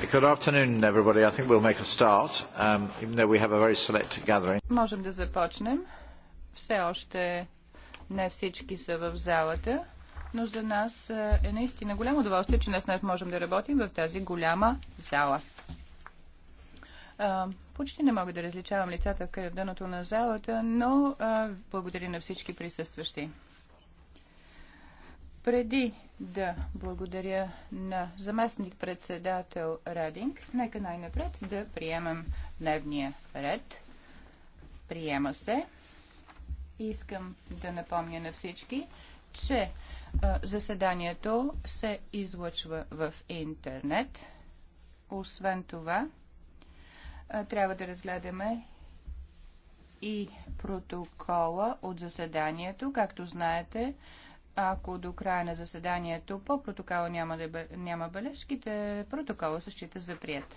Good afternoon, everybody. I think we'll make a start, um, even though we have a very select gathering. Можем да започнем. Все още не всички са в залата, но за нас е, е наистина голямо удоволствие, че днес можем да работим в тази голяма зала. Почти не мога да различавам лицата в кръвдъното на залата, но благодаря на всички присъстващи. Преди да благодаря на заместник-председател Рединг, нека най-напред да приемем дневния ред. Приема се. Искам да напомня на всички, че заседанието се излъчва в интернет. Освен това, трябва да разгледаме и протокола от заседанието. Както знаете, ако до края на заседанието по протокола няма, да, няма бележките, протокола се счита за прият.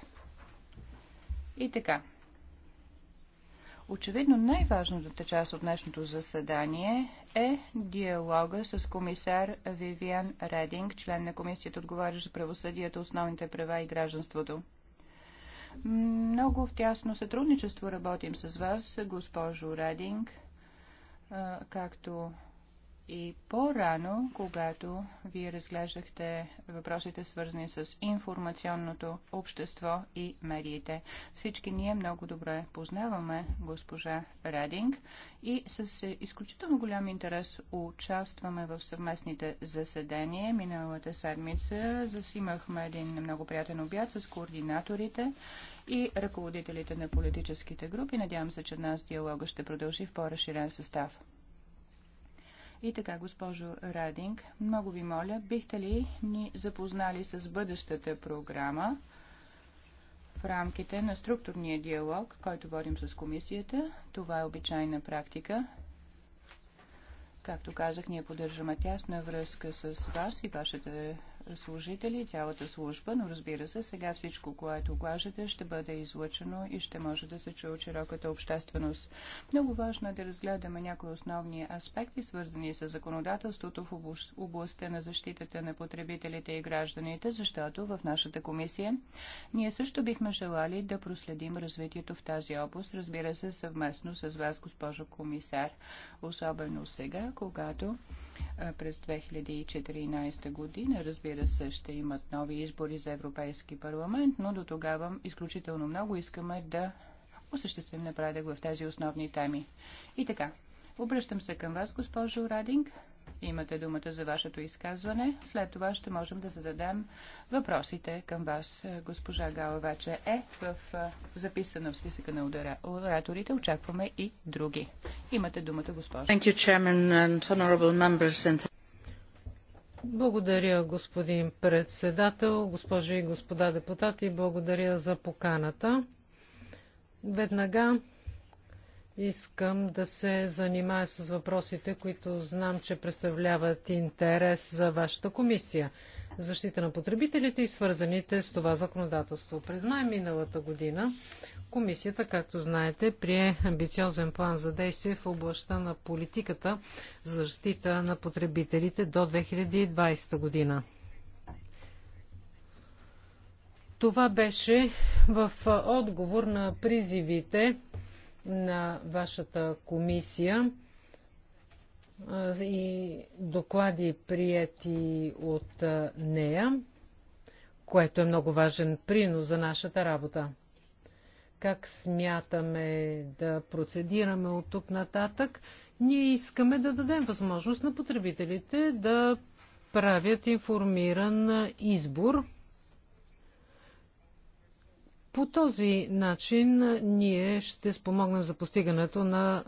И така. Очевидно най-важната част от днешното заседание е диалога с комисар Вивиан Рединг, член на комисията отговарящ за правосъдието, основните права и гражданството. Много в тясно сътрудничество работим с вас, госпожо Рединг, както и по-рано, когато вие разглеждахте въпросите свързани с информационното общество и медиите, всички ние много добре познаваме госпожа Рединг и с изключително голям интерес участваме в съвместните заседания. Миналата седмица засимахме един много приятен обяд с координаторите и ръководителите на политическите групи. Надявам се, че днес диалога ще продължи в по-разширен състав. И така, госпожо Радинг, много ви моля, бихте ли ни запознали с бъдещата програма в рамките на структурния диалог, който водим с комисията? Това е обичайна практика. Както казах, ние поддържаме тясна връзка с вас и вашата служители, цялата служба, но разбира се, сега всичко, което кажете, ще бъде излъчено и ще може да се чуе от широката общественост. Много важно е да разгледаме някои основни аспекти, свързани с законодателството в областта на защитата на потребителите и гражданите, защото в нашата комисия ние също бихме желали да проследим развитието в тази област, разбира се, съвместно с вас, госпожо комисар, особено сега, когато през 2014 година. Разбира се, ще имат нови избори за Европейски парламент, но до тогава изключително много искаме да осъществим напредък в тези основни теми. И така, обръщам се към вас, госпожо Радинг. Имате думата за вашето изказване. След това ще можем да зададем въпросите към вас. Госпожа Гала вече е в, записана в списъка на ораторите. Очакваме и други. Имате думата, госпожа. Благодаря, господин председател, госпожи и господа депутати. Благодаря за поканата. Веднага Искам да се занимая с въпросите, които знам, че представляват интерес за вашата комисия. Защита на потребителите и свързаните с това законодателство. През май миналата година комисията, както знаете, прие амбициозен план за действие в областта на политиката за защита на потребителите до 2020 година. Това беше в отговор на призивите на вашата комисия и доклади прияти от нея, което е много важен принос за нашата работа. Как смятаме да процедираме от тук нататък? Ние искаме да дадем възможност на потребителите да правят информиран избор по този начин ние ще спомогнем за постигането на,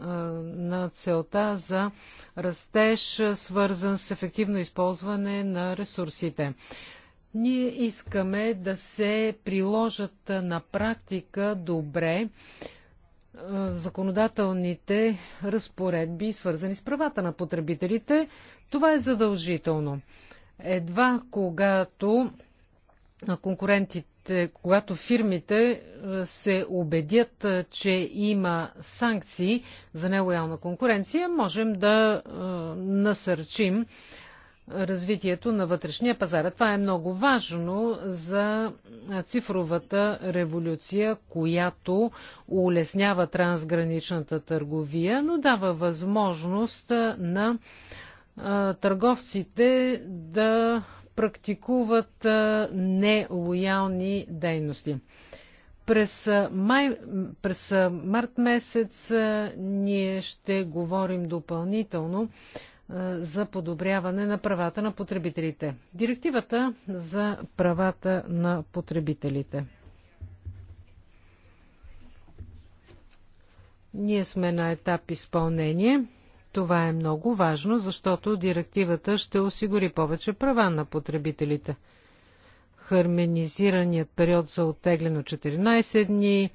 на целта за растеж, свързан с ефективно използване на ресурсите. Ние искаме да се приложат на практика добре законодателните разпоредби, свързани с правата на потребителите. Това е задължително. Едва когато конкурентите фирмите, когато фирмите е, се убедят, е, че има санкции за нелоялна конкуренция, можем да е, насърчим развитието на вътрешния пазар. Това е много важно за цифровата революция, която улеснява трансграничната търговия, но дава възможност на търговците да практикуват нелоялни дейности. През, май, през март месец ние ще говорим допълнително за подобряване на правата на потребителите. Директивата за правата на потребителите. Ние сме на етап изпълнение. Това е много важно, защото директивата ще осигури повече права на потребителите. Харменизираният период за оттеглено 14 дни,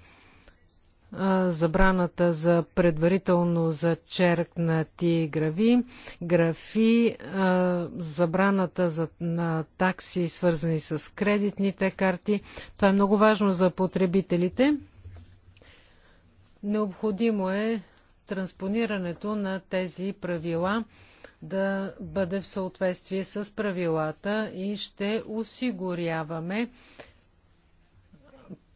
забраната за предварително зачеркнати грави, графи, забраната за, на такси, свързани с кредитните карти. Това е много важно за потребителите. Необходимо е транспонирането на тези правила да бъде в съответствие с правилата и ще осигуряваме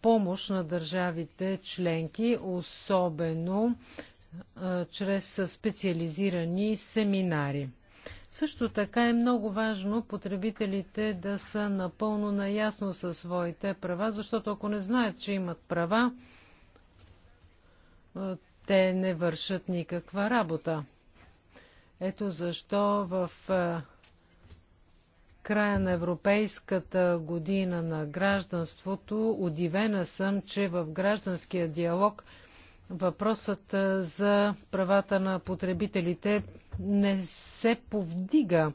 помощ на държавите членки, особено а, чрез специализирани семинари. Също така е много важно потребителите да са напълно наясно със своите права, защото ако не знаят, че имат права, те не вършат никаква работа. Ето защо в е, края на Европейската година на гражданството удивена съм, че в гражданския диалог въпросът е, за правата на потребителите не се повдига.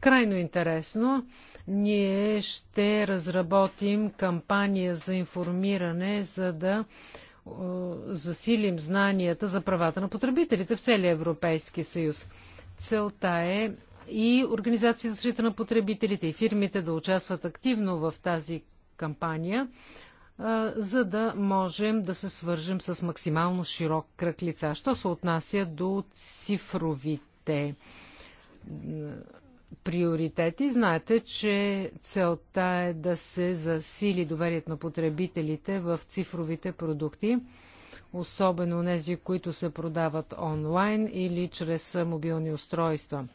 Крайно интересно, ние ще разработим кампания за информиране, за да е, засилим знанията за правата на потребителите в целия Европейски съюз. Целта е и Организация за защита на потребителите и фирмите да участват активно в тази кампания, е, за да можем да се свържем с максимално широк кръг лица. Що се отнася до цифровите приоритети. Знаете, че целта е да се засили доверието на потребителите в цифровите продукти, особено тези, които се продават онлайн или чрез мобилни устройства.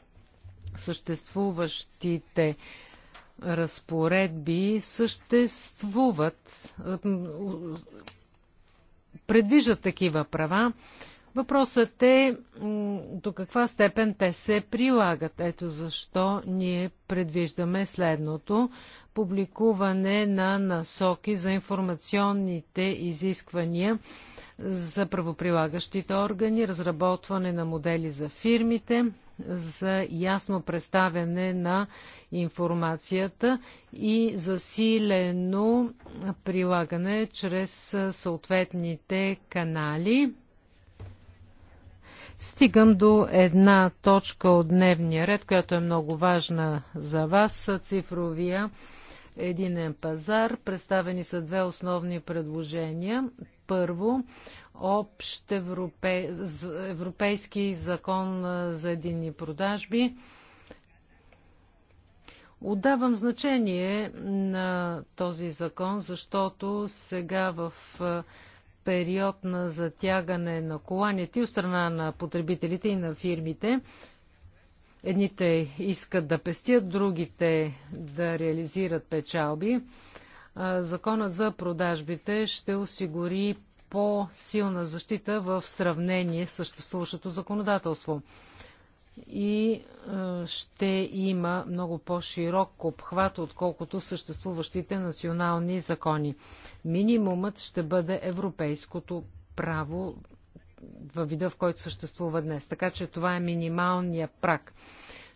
Съществуващите разпоредби съществуват, предвиждат такива права Въпросът е до каква степен те се прилагат. Ето защо ние предвиждаме следното публикуване на насоки за информационните изисквания за правоприлагащите органи, разработване на модели за фирмите, за ясно представяне на информацията и засилено прилагане чрез съответните канали Стигам до една точка от дневния ред, която е много важна за вас цифровия единен пазар. Представени са две основни предложения. Първо, общ европей... европейски закон за единни продажби. Отдавам значение на този закон, защото сега в период на затягане на коланите от страна на потребителите и на фирмите. Едните искат да пестят, другите да реализират печалби. Законът за продажбите ще осигури по-силна защита в сравнение с съществуващото законодателство и ще има много по-широк обхват, отколкото съществуващите национални закони. Минимумът ще бъде европейското право във вида, в който съществува днес. Така че това е минималния прак.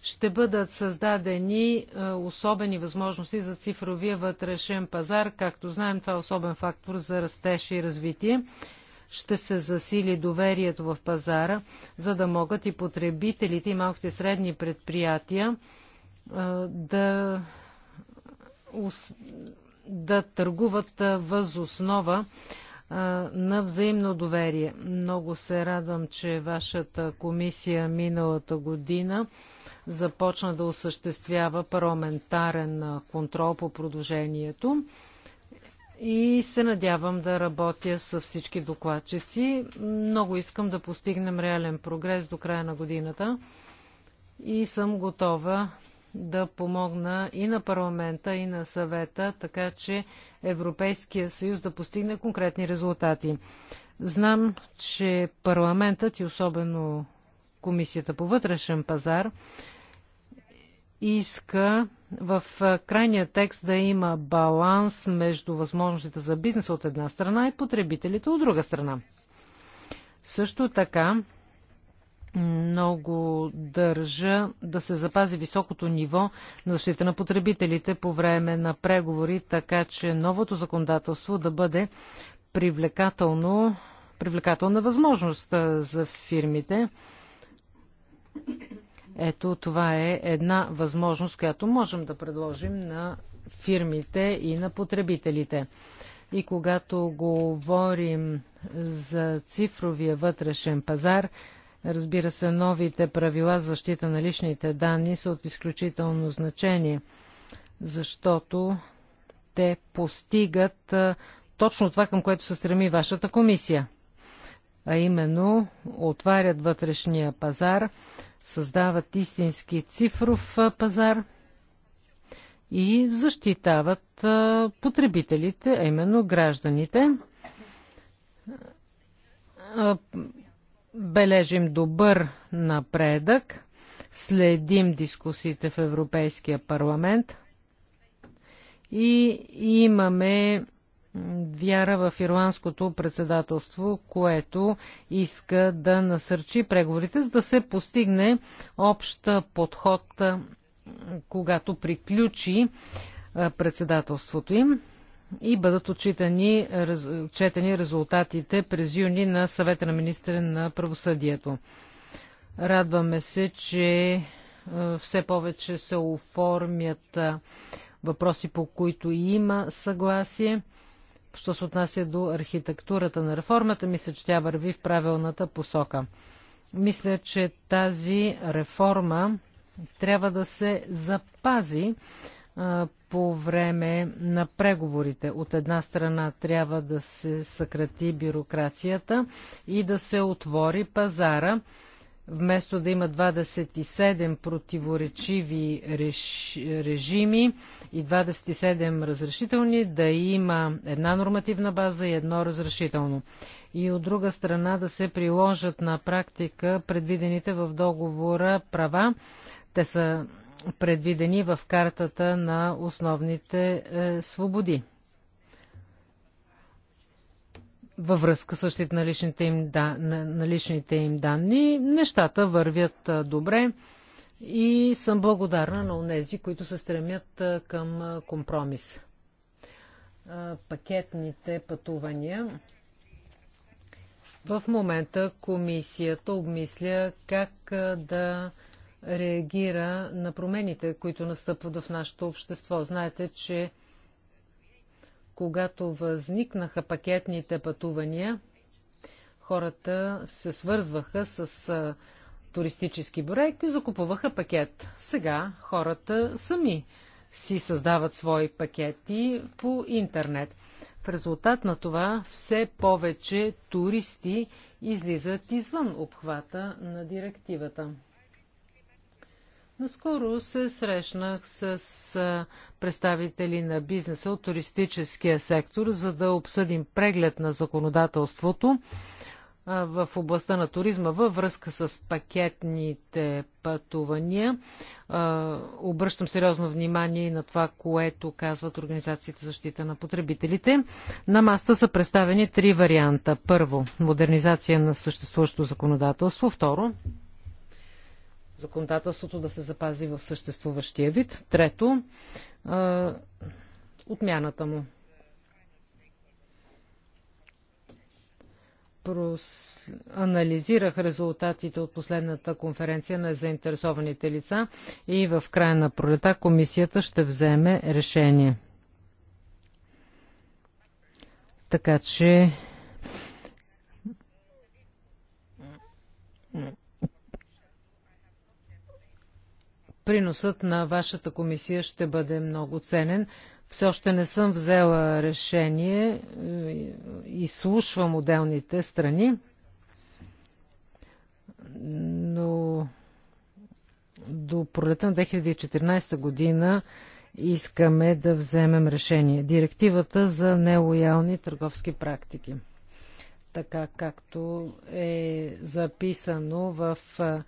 Ще бъдат създадени особени възможности за цифровия вътрешен пазар. Както знаем, това е особен фактор за растеж и развитие ще се засили доверието в пазара, за да могат и потребителите и малките средни предприятия да, да търгуват възоснова на взаимно доверие. Много се радвам, че вашата комисия миналата година започна да осъществява парламентарен контрол по продължението и се надявам да работя с всички докладчици. Много искам да постигнем реален прогрес до края на годината и съм готова да помогна и на парламента, и на съвета, така че Европейския съюз да постигне конкретни резултати. Знам, че парламентът и особено Комисията по вътрешен пазар иска в крайния текст да има баланс между възможностите за бизнес от една страна и потребителите от друга страна. Също така, много държа да се запази високото ниво на защита на потребителите по време на преговори, така че новото законодателство да бъде привлекателно, привлекателна възможност за фирмите. Ето това е една възможност, която можем да предложим на фирмите и на потребителите. И когато говорим за цифровия вътрешен пазар, разбира се, новите правила за защита на личните данни са от изключително значение, защото те постигат точно това, към което се стреми вашата комисия, а именно отварят вътрешния пазар, създават истински цифров пазар и защитават потребителите, а именно гражданите. Бележим добър напредък, следим дискусиите в Европейския парламент и имаме вяра в ирландското председателство, което иска да насърчи преговорите, за да се постигне общ подход, когато приключи председателството им и бъдат отчитани, четени резултатите през юни на съвета на министра на правосъдието. Радваме се, че все повече се оформят въпроси, по които има съгласие. Що се отнася до архитектурата на реформата, мисля, че тя върви в правилната посока. Мисля, че тази реформа трябва да се запази а, по време на преговорите. От една страна трябва да се съкрати бюрокрацията и да се отвори пазара вместо да има 27 противоречиви реш... режими и 27 разрешителни, да има една нормативна база и едно разрешително. И от друга страна да се приложат на практика предвидените в договора права. Те са предвидени в картата на основните е, свободи във връзка с щит на личните им, да, на личните им данни. Нещата вървят добре и съм благодарна на онези, които се стремят към компромис. Пакетните пътувания. В момента комисията обмисля как да реагира на промените, които настъпват в нашето общество. Знаете, че когато възникнаха пакетните пътувания, хората се свързваха с туристически брек и закупуваха пакет. Сега хората сами си създават свои пакети по интернет. В резултат на това все повече туристи излизат извън обхвата на директивата. Наскоро се срещнах с представители на бизнеса от туристическия сектор, за да обсъдим преглед на законодателството в областта на туризма във връзка с пакетните пътувания. Обръщам сериозно внимание и на това, което казват Организацията за защита на потребителите. На маста са представени три варианта. Първо, модернизация на съществуващото законодателство. Второ, законодателството да се запази в съществуващия вид. Трето, а, отмяната му. Прос... Анализирах резултатите от последната конференция на заинтересованите лица и в края на пролета комисията ще вземе решение. Така че приносът на вашата комисия ще бъде много ценен. Все още не съм взела решение е, и слушвам отделните страни, но до пролета на 2014 година искаме да вземем решение. Директивата за нелоялни търговски практики. Така както е записано в е,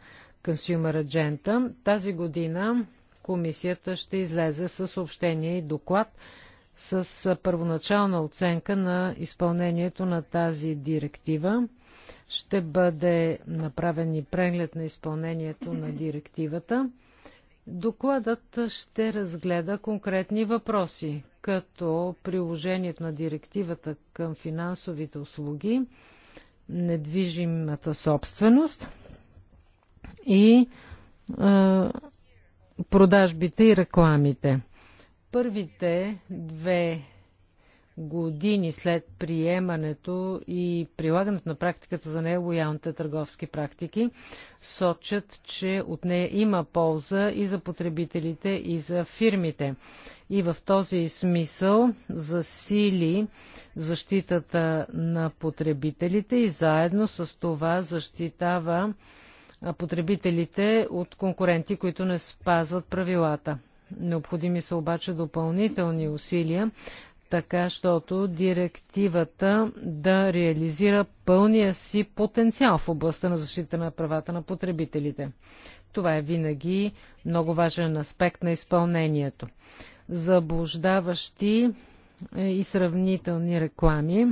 Consumer Agenda. Тази година комисията ще излезе с съобщение и доклад с първоначална оценка на изпълнението на тази директива. Ще бъде направен и преглед на изпълнението на директивата. Докладът ще разгледа конкретни въпроси, като приложението на директивата към финансовите услуги, недвижимата собственост, и а, е, продажбите и рекламите. Първите две години след приемането и прилагането на практиката за нелоялните търговски практики сочат, че от нея има полза и за потребителите, и за фирмите. И в този смисъл засили защитата на потребителите и заедно с това защитава потребителите от конкуренти, които не спазват правилата. Необходими са обаче допълнителни усилия, така, щото директивата да реализира пълния си потенциал в областта на защита на правата на потребителите. Това е винаги много важен аспект на изпълнението. Заблуждаващи е, и сравнителни реклами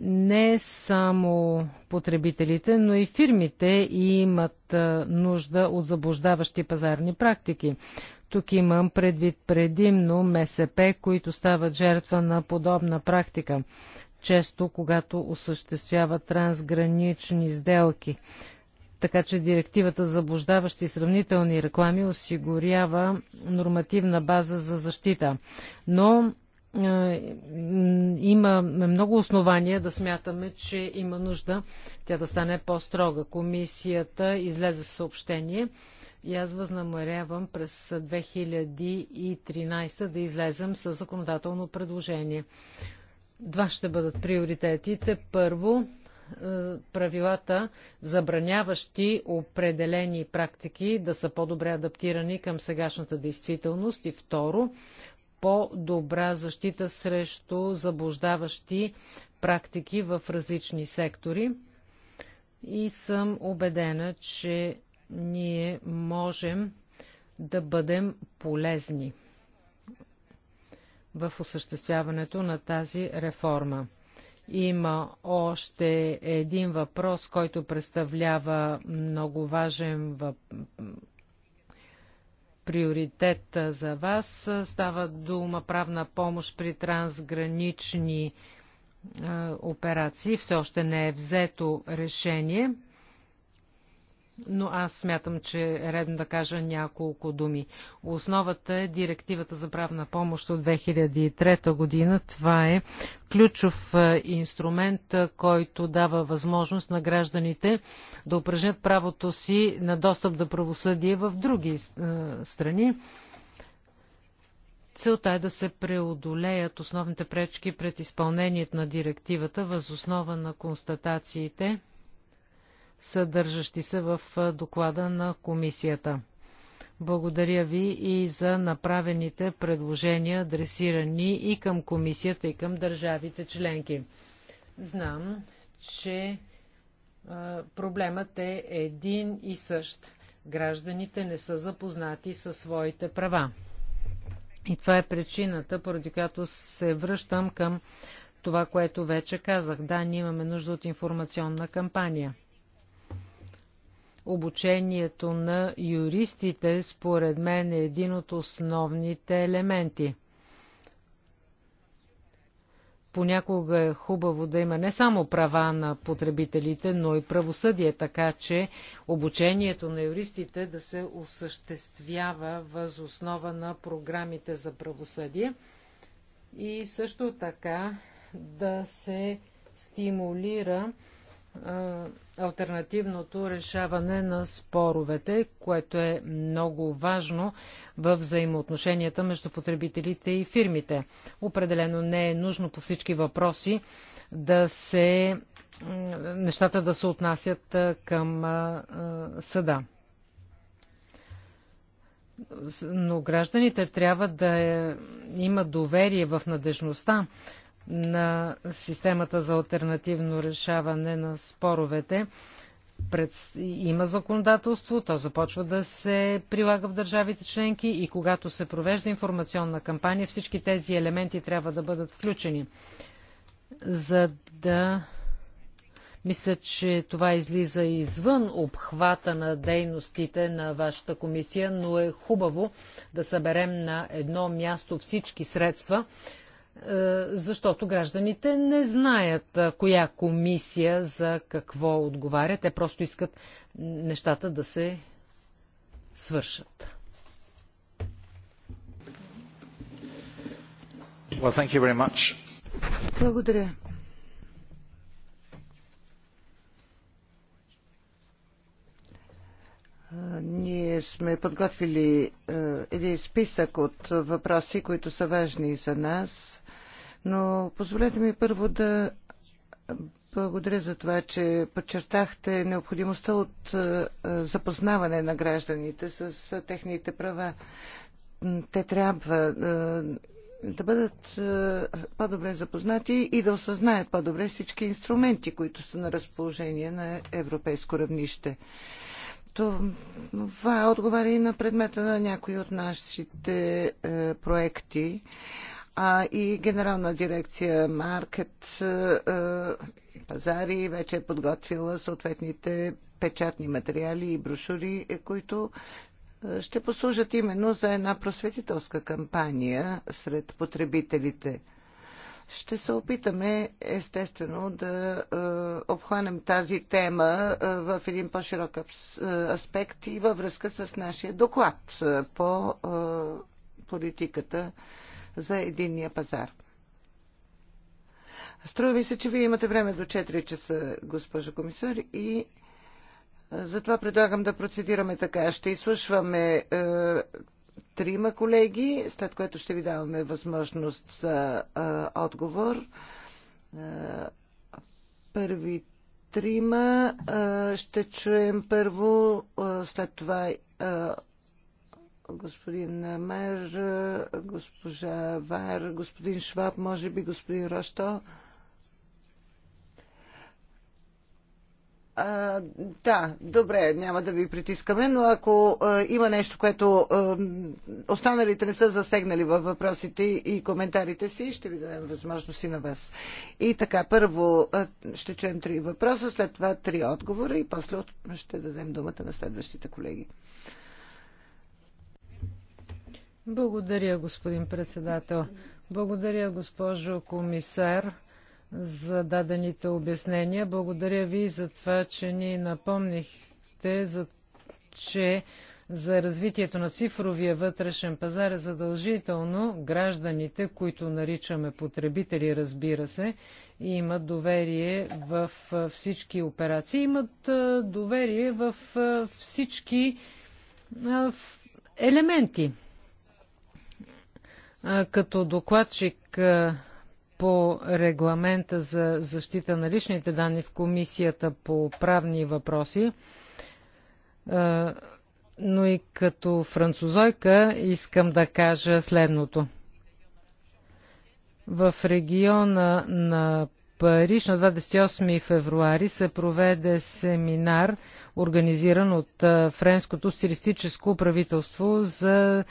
не само потребителите, но и фирмите имат нужда от заблуждаващи пазарни практики. Тук имам предвид предимно МСП, които стават жертва на подобна практика, често когато осъществяват трансгранични сделки. Така че директивата за заблуждаващи сравнителни реклами осигурява нормативна база за защита. Но е, има много основания да смятаме, че има нужда тя да стане по-строга. Комисията излезе съобщение и аз възнамерявам през 2013 да излезем с законодателно предложение. Два ще бъдат приоритетите. Първо, е, правилата, забраняващи определени практики да са по-добре адаптирани към сегашната действителност и второ, по-добра защита срещу заблуждаващи практики в различни сектори. И съм убедена, че ние можем да бъдем полезни в осъществяването на тази реформа. Има още един въпрос, който представлява много важен въпрос приоритет за вас. Става дума правна помощ при трансгранични операции. Все още не е взето решение но аз смятам, че е редно да кажа няколко думи. Основата е директивата за правна помощ от 2003 година. Това е ключов е, инструмент, е, който дава възможност на гражданите да упражнят правото си на достъп до правосъдие в други е, страни. Целта е да се преодолеят основните пречки пред изпълнението на директивата възоснова на констатациите – съдържащи се в доклада на комисията. Благодаря ви и за направените предложения, адресирани и към комисията, и към държавите членки. Знам, че проблемът е един и същ. Гражданите не са запознати със своите права. И това е причината, поради която се връщам към това, което вече казах. Да, ние имаме нужда от информационна кампания обучението на юристите, според мен, е един от основните елементи. Понякога е хубаво да има не само права на потребителите, но и правосъдие, така че обучението на юристите да се осъществява въз основа на програмите за правосъдие и също така да се стимулира альтернативното решаване на споровете, което е много важно в взаимоотношенията между потребителите и фирмите. Определено не е нужно по всички въпроси да се нещата да се отнасят към съда. Но гражданите трябва да е, имат доверие в надежността на системата за альтернативно решаване на споровете. Пред... Има законодателство, то започва да се прилага в държавите членки и когато се провежда информационна кампания, всички тези елементи трябва да бъдат включени. За да мисля, че това излиза извън обхвата на дейностите на вашата комисия, но е хубаво да съберем на едно място всички средства, е, защото гражданите не знаят коя комисия за какво отговаря. Те просто искат нещата да се свършат. Well, thank you very much. Благодаря. Ние сме подготвили един списък от въпроси, които са важни за нас. Но позволете ми първо да благодаря за това, че подчертахте необходимостта от е, запознаване на гражданите с техните права. Те трябва е, да бъдат е, по-добре запознати и да осъзнаят по-добре всички инструменти, които са на разположение на европейско равнище. Това отговаря и на предмета на някои от нашите проекти а и генерална дирекция Маркет пазари вече е подготвила съответните печатни материали и брошури, е, които ще послужат именно за една просветителска кампания сред потребителите. Ще се опитаме, естествено, да е, обхванем тази тема е, в един по-широк аспект и във връзка с нашия доклад по е, политиката за единния пазар. Струва ми се, че вие имате време до 4 часа, госпожо комисар, и е, затова предлагам да процедираме така. Ще изслушваме е, трима колеги, след което ще ви даваме възможност за е, отговор. Е, първи трима е, ще чуем първо, е, след това е, господин Мер, госпожа Вар, господин Шваб, може би господин Рошто. А, да, добре, няма да ви притискаме, но ако а, има нещо, което а, останалите не са засегнали във въпросите и коментарите си, ще ви дадем възможност и на вас. И така, първо а, ще чуем три въпроса, след това три отговора и после ще дадем думата на следващите колеги. А, благодаря, господин председател. Благодаря, госпожо комисар, за дадените обяснения. Благодаря ви за това, че ни напомнихте, за, че за развитието на цифровия вътрешен пазар е задължително гражданите, които наричаме потребители, разбира се, и имат доверие в всички операции, имат доверие в всички елементи като докладчик по регламента за защита на личните данни в Комисията по правни въпроси, но и като французойка искам да кажа следното. В региона на Париж на 28 февруари се проведе семинар, организиран от Френското социалистическо правителство за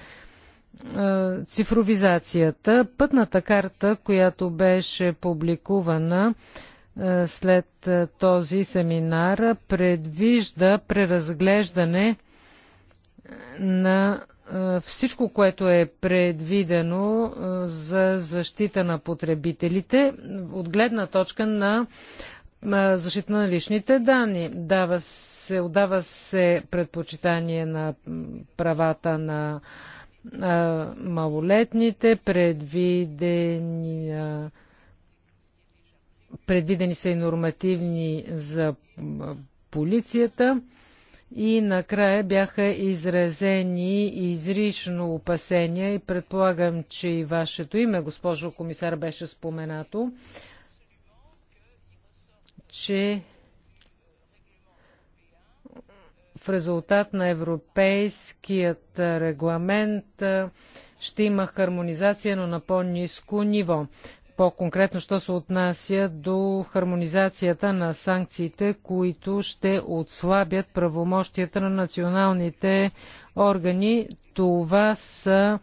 е, цифровизацията. Пътната карта, която беше публикувана е, след е, този семинар, предвижда преразглеждане на всичко, което е предвидено за защита на потребителите от гледна точка на защита на личните данни. Дава се, отдава се предпочитание на правата на малолетните, предвидени, предвидени са и нормативни за полицията. И накрая бяха изразени изрично опасения и предполагам, че и вашето име, госпожо комисар, беше споменато, че в резултат на европейският регламент ще има хармонизация, но на по-низко ниво. По-конкретно, що се отнася до хармонизацията на санкциите, които ще отслабят правомощията на националните органи. Това са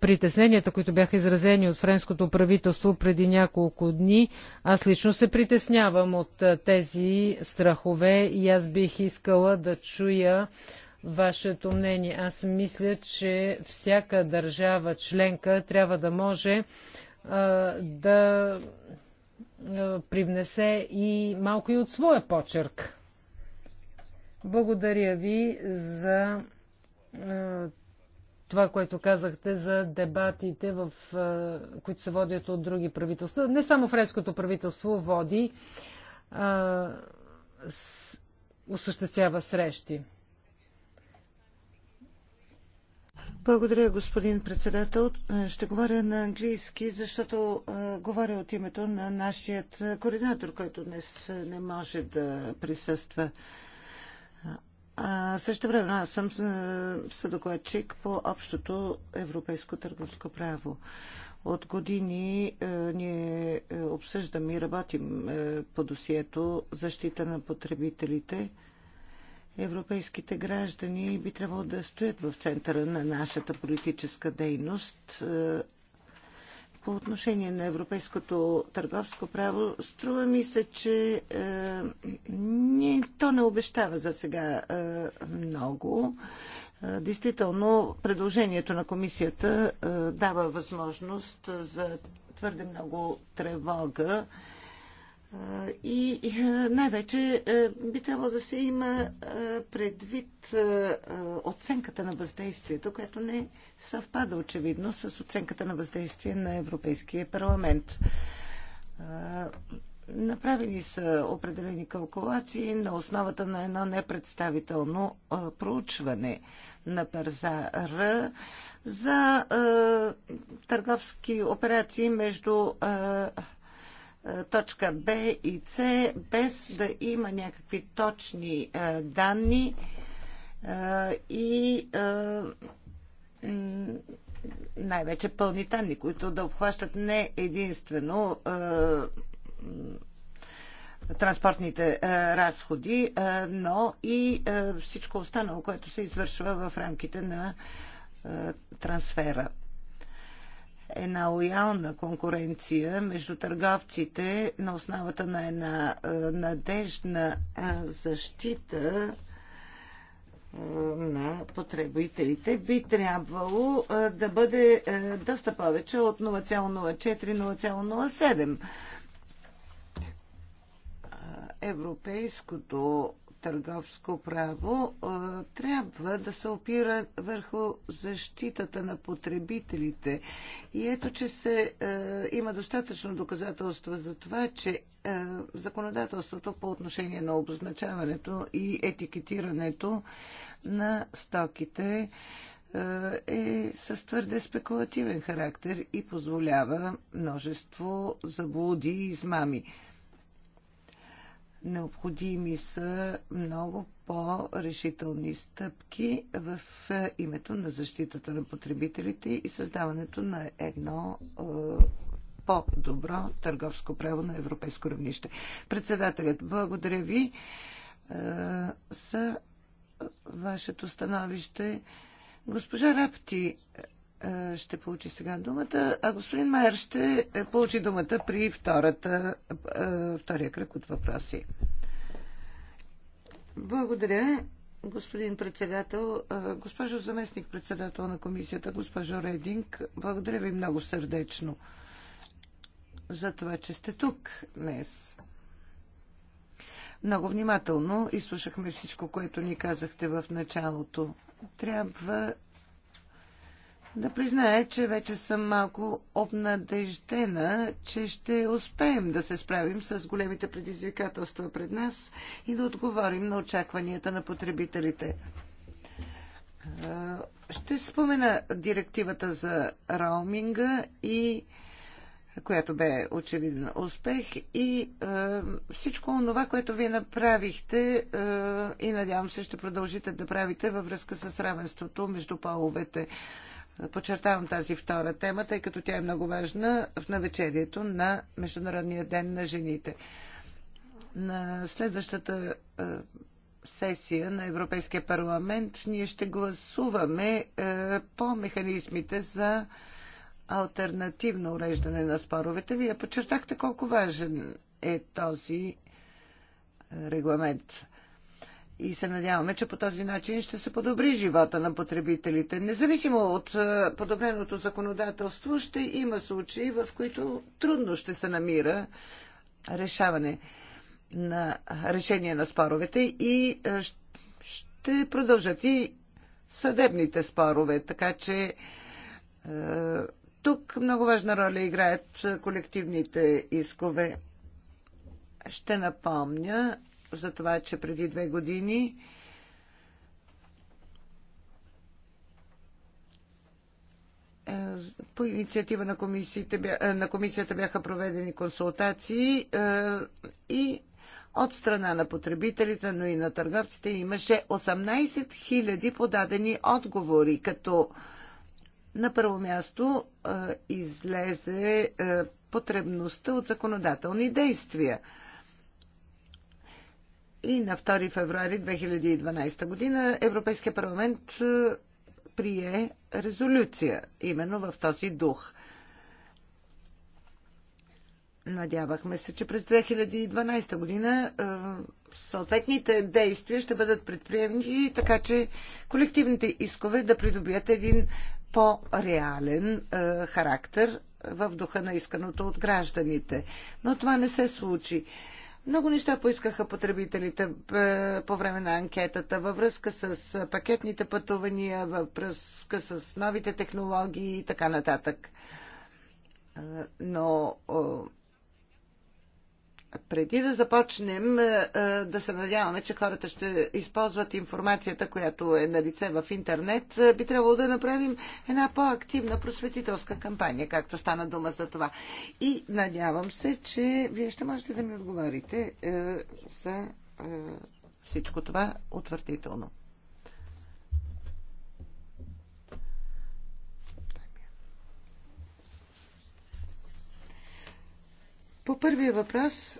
притесненията, които бяха изразени от френското правителство преди няколко дни. Аз лично се притеснявам от тези страхове и аз бих искала да чуя вашето мнение. Аз мисля, че всяка държава членка трябва да може да привнесе и малко и от своя почерк. Благодаря ви за това, което казахте за дебатите, в, които се водят от други правителства. Не само френското правителство води, а, с, осъществява срещи. Благодаря, господин председател. Ще говоря на английски, защото а, говоря от името на нашият координатор, който днес не може да присъства. А, също време аз съм съдокладчик по общото европейско търговско право. От години е, ние обсъждаме и работим е, по досието защита на потребителите. Европейските граждани би трябвало да стоят в центъра на нашата политическа дейност. Е, по отношение на европейското търговско право, струва ми се, че е, не, то не обещава за сега е, много. Е, действително, предложението на комисията е, дава възможност за твърде много тревога. Е, и най-вече би трябвало да се има предвид оценката на въздействието, което не съвпада очевидно с оценката на въздействие на Европейския парламент. Направени са определени калкулации на основата на едно непредставително проучване на пазара за търговски операции между е, точка Б и С, без да има някакви точни е, данни е, и най-вече пълни данни, които да обхващат не единствено транспортните разходи, но и всичко останало, което се извършва в рамките на трансфера. Е една лоялна конкуренция между търговците на основата на една надежна защита на потребителите би трябвало да бъде доста повече от 0,04-0,07. Европейското търговско право трябва да се опира върху защитата на потребителите. И ето, че се, има достатъчно доказателства за това, че законодателството по отношение на обозначаването и етикетирането на стоките е с твърде спекулативен характер и позволява множество заблуди и измами. Необходими са много по-решителни стъпки в името на защитата на потребителите и създаването на едно е, по-добро търговско право на европейско равнище. Председателят, благодаря ви е, за вашето становище. Госпожа Рапти е, ще получи сега думата, а господин Майер ще е, получи думата при втората, е, втория кръг от въпроси. Благодаря, господин председател, госпожо заместник председател на комисията, госпожо Рединг. Благодаря ви много сърдечно за това, че сте тук днес. Много внимателно изслушахме всичко, което ни казахте в началото. Трябва да призная, че вече съм малко обнадеждена, че ще успеем да се справим с големите предизвикателства пред нас и да отговорим на очакванията на потребителите. Ще спомена директивата за роуминга и която бе очевиден успех и е, всичко това, което вие направихте е, и надявам се ще продължите да правите във връзка с равенството между половете. Е, Подчертавам тази втора тема, тъй като тя е много важна в навечерието на Международния ден на жените. На следващата е, сесия на Европейския парламент ние ще гласуваме е, по механизмите за альтернативно уреждане на споровете. Вие подчертахте колко важен е този е, регламент и се надяваме, че по този начин ще се подобри живота на потребителите. Независимо от е, подобреното законодателство, ще има случаи, в които трудно ще се намира решаване на решение на споровете и е, ще продължат и съдебните спорове. Така че е, тук много важна роля играят колективните искове. Ще напомня за това, че преди две години е, по инициатива на комисията, е, на комисията бяха проведени консултации е, и от страна на потребителите, но и на търговците имаше 18 000 подадени отговори, като на първо място излезе потребността от законодателни действия – и на 2 февруари 2012 година Европейския парламент е, прие резолюция именно в този дух. Надявахме се, че през 2012 година е, съответните действия ще бъдат предприемни, така че колективните искове да придобият един по-реален е, характер в духа на исканото от гражданите. Но това не се случи. Много неща поискаха потребителите е, по време на анкетата във връзка с е, пакетните пътувания, във връзка с новите технологии и така нататък. Е, но преди да започнем е, е, да се надяваме, че хората ще използват информацията, която е на лице в интернет, е, би трябвало да направим една по-активна просветителска кампания, както стана дума за това. И надявам се, че вие ще можете да ми отговорите за всичко това утвърдително. По първия въпрос,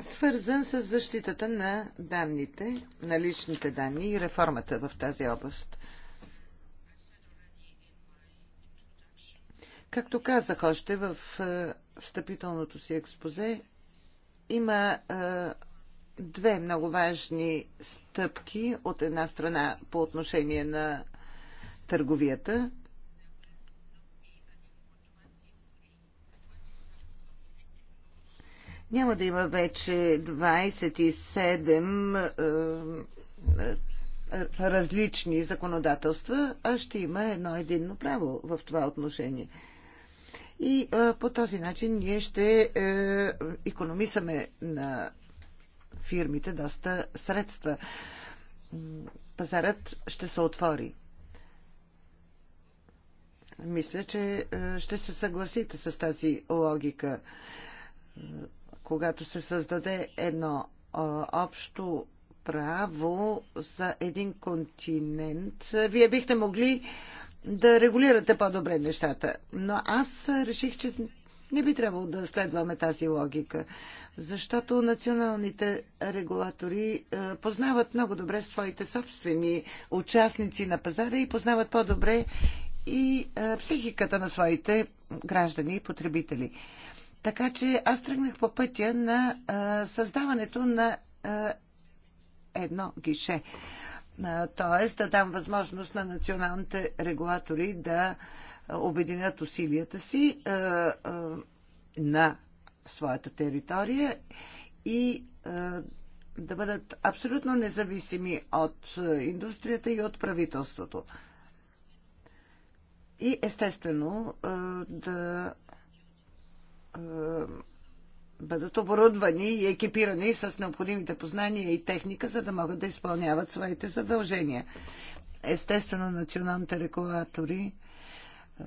свързан с защитата на данните, на личните данни и реформата в тази област. Както казах още в е, встъпителното си експозе, има е, две много важни стъпки от една страна по отношение на търговията няма да има вече 27 е, е, различни законодателства, а ще има едно единно право в това отношение. И е, по този начин ние ще економисаме на фирмите доста средства. Пазарът ще се отвори. Мисля, че е, ще се съгласите с тази логика когато се създаде едно общо право за един континент, вие бихте могли да регулирате по-добре нещата. Но аз реших, че не би трябвало да следваме тази логика, защото националните регулатори познават много добре своите собствени участници на пазара и познават по-добре и психиката на своите граждани и потребители. Така че аз тръгнах по пътя на а, създаването на а, едно гише. Т.е. да дам възможност на националните регулатори да обединят усилията си а, а, на своята територия и а, да бъдат абсолютно независими от индустрията и от правителството. И естествено да е, бъдат оборудвани и екипирани с необходимите познания и техника, за да могат да изпълняват своите задължения. Естествено, националните регулатори е,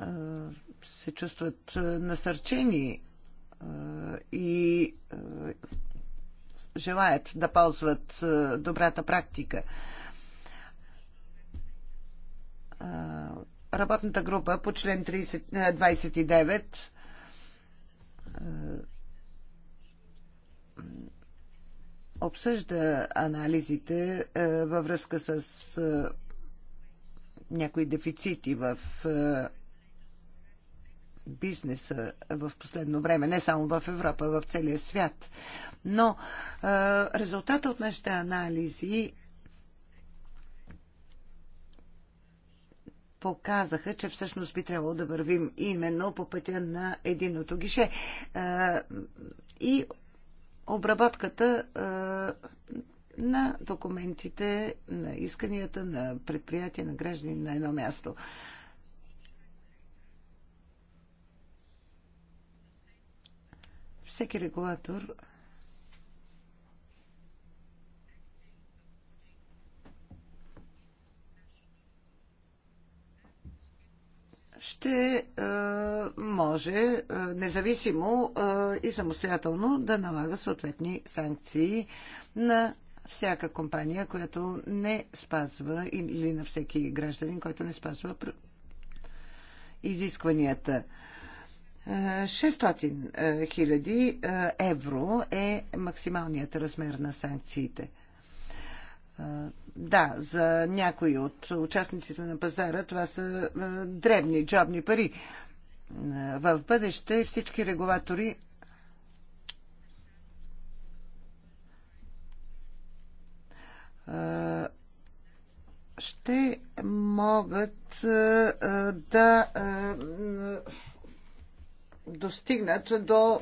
е, се чувстват насърчени и желаят да ползват добрата практика работната група по член 29 е, е, обсъжда анализите е, във връзка с някои дефицити в бизнеса в последно време, не само в Европа, в целия свят. Но резултата от нашите анализи показаха, че всъщност би трябвало да вървим именно по пътя на единото гише. Е, и обработката е, на документите, на исканията на предприятия, на граждани на едно място. Всеки регулатор ще може независимо и самостоятелно да налага съответни санкции на всяка компания, която не спазва или на всеки гражданин, който не спазва изискванията. 600 хиляди евро е максималният размер на санкциите – да, за някои от участниците на пазара това са древни джобни пари. В бъдеще всички регулатори ще могат да достигнат до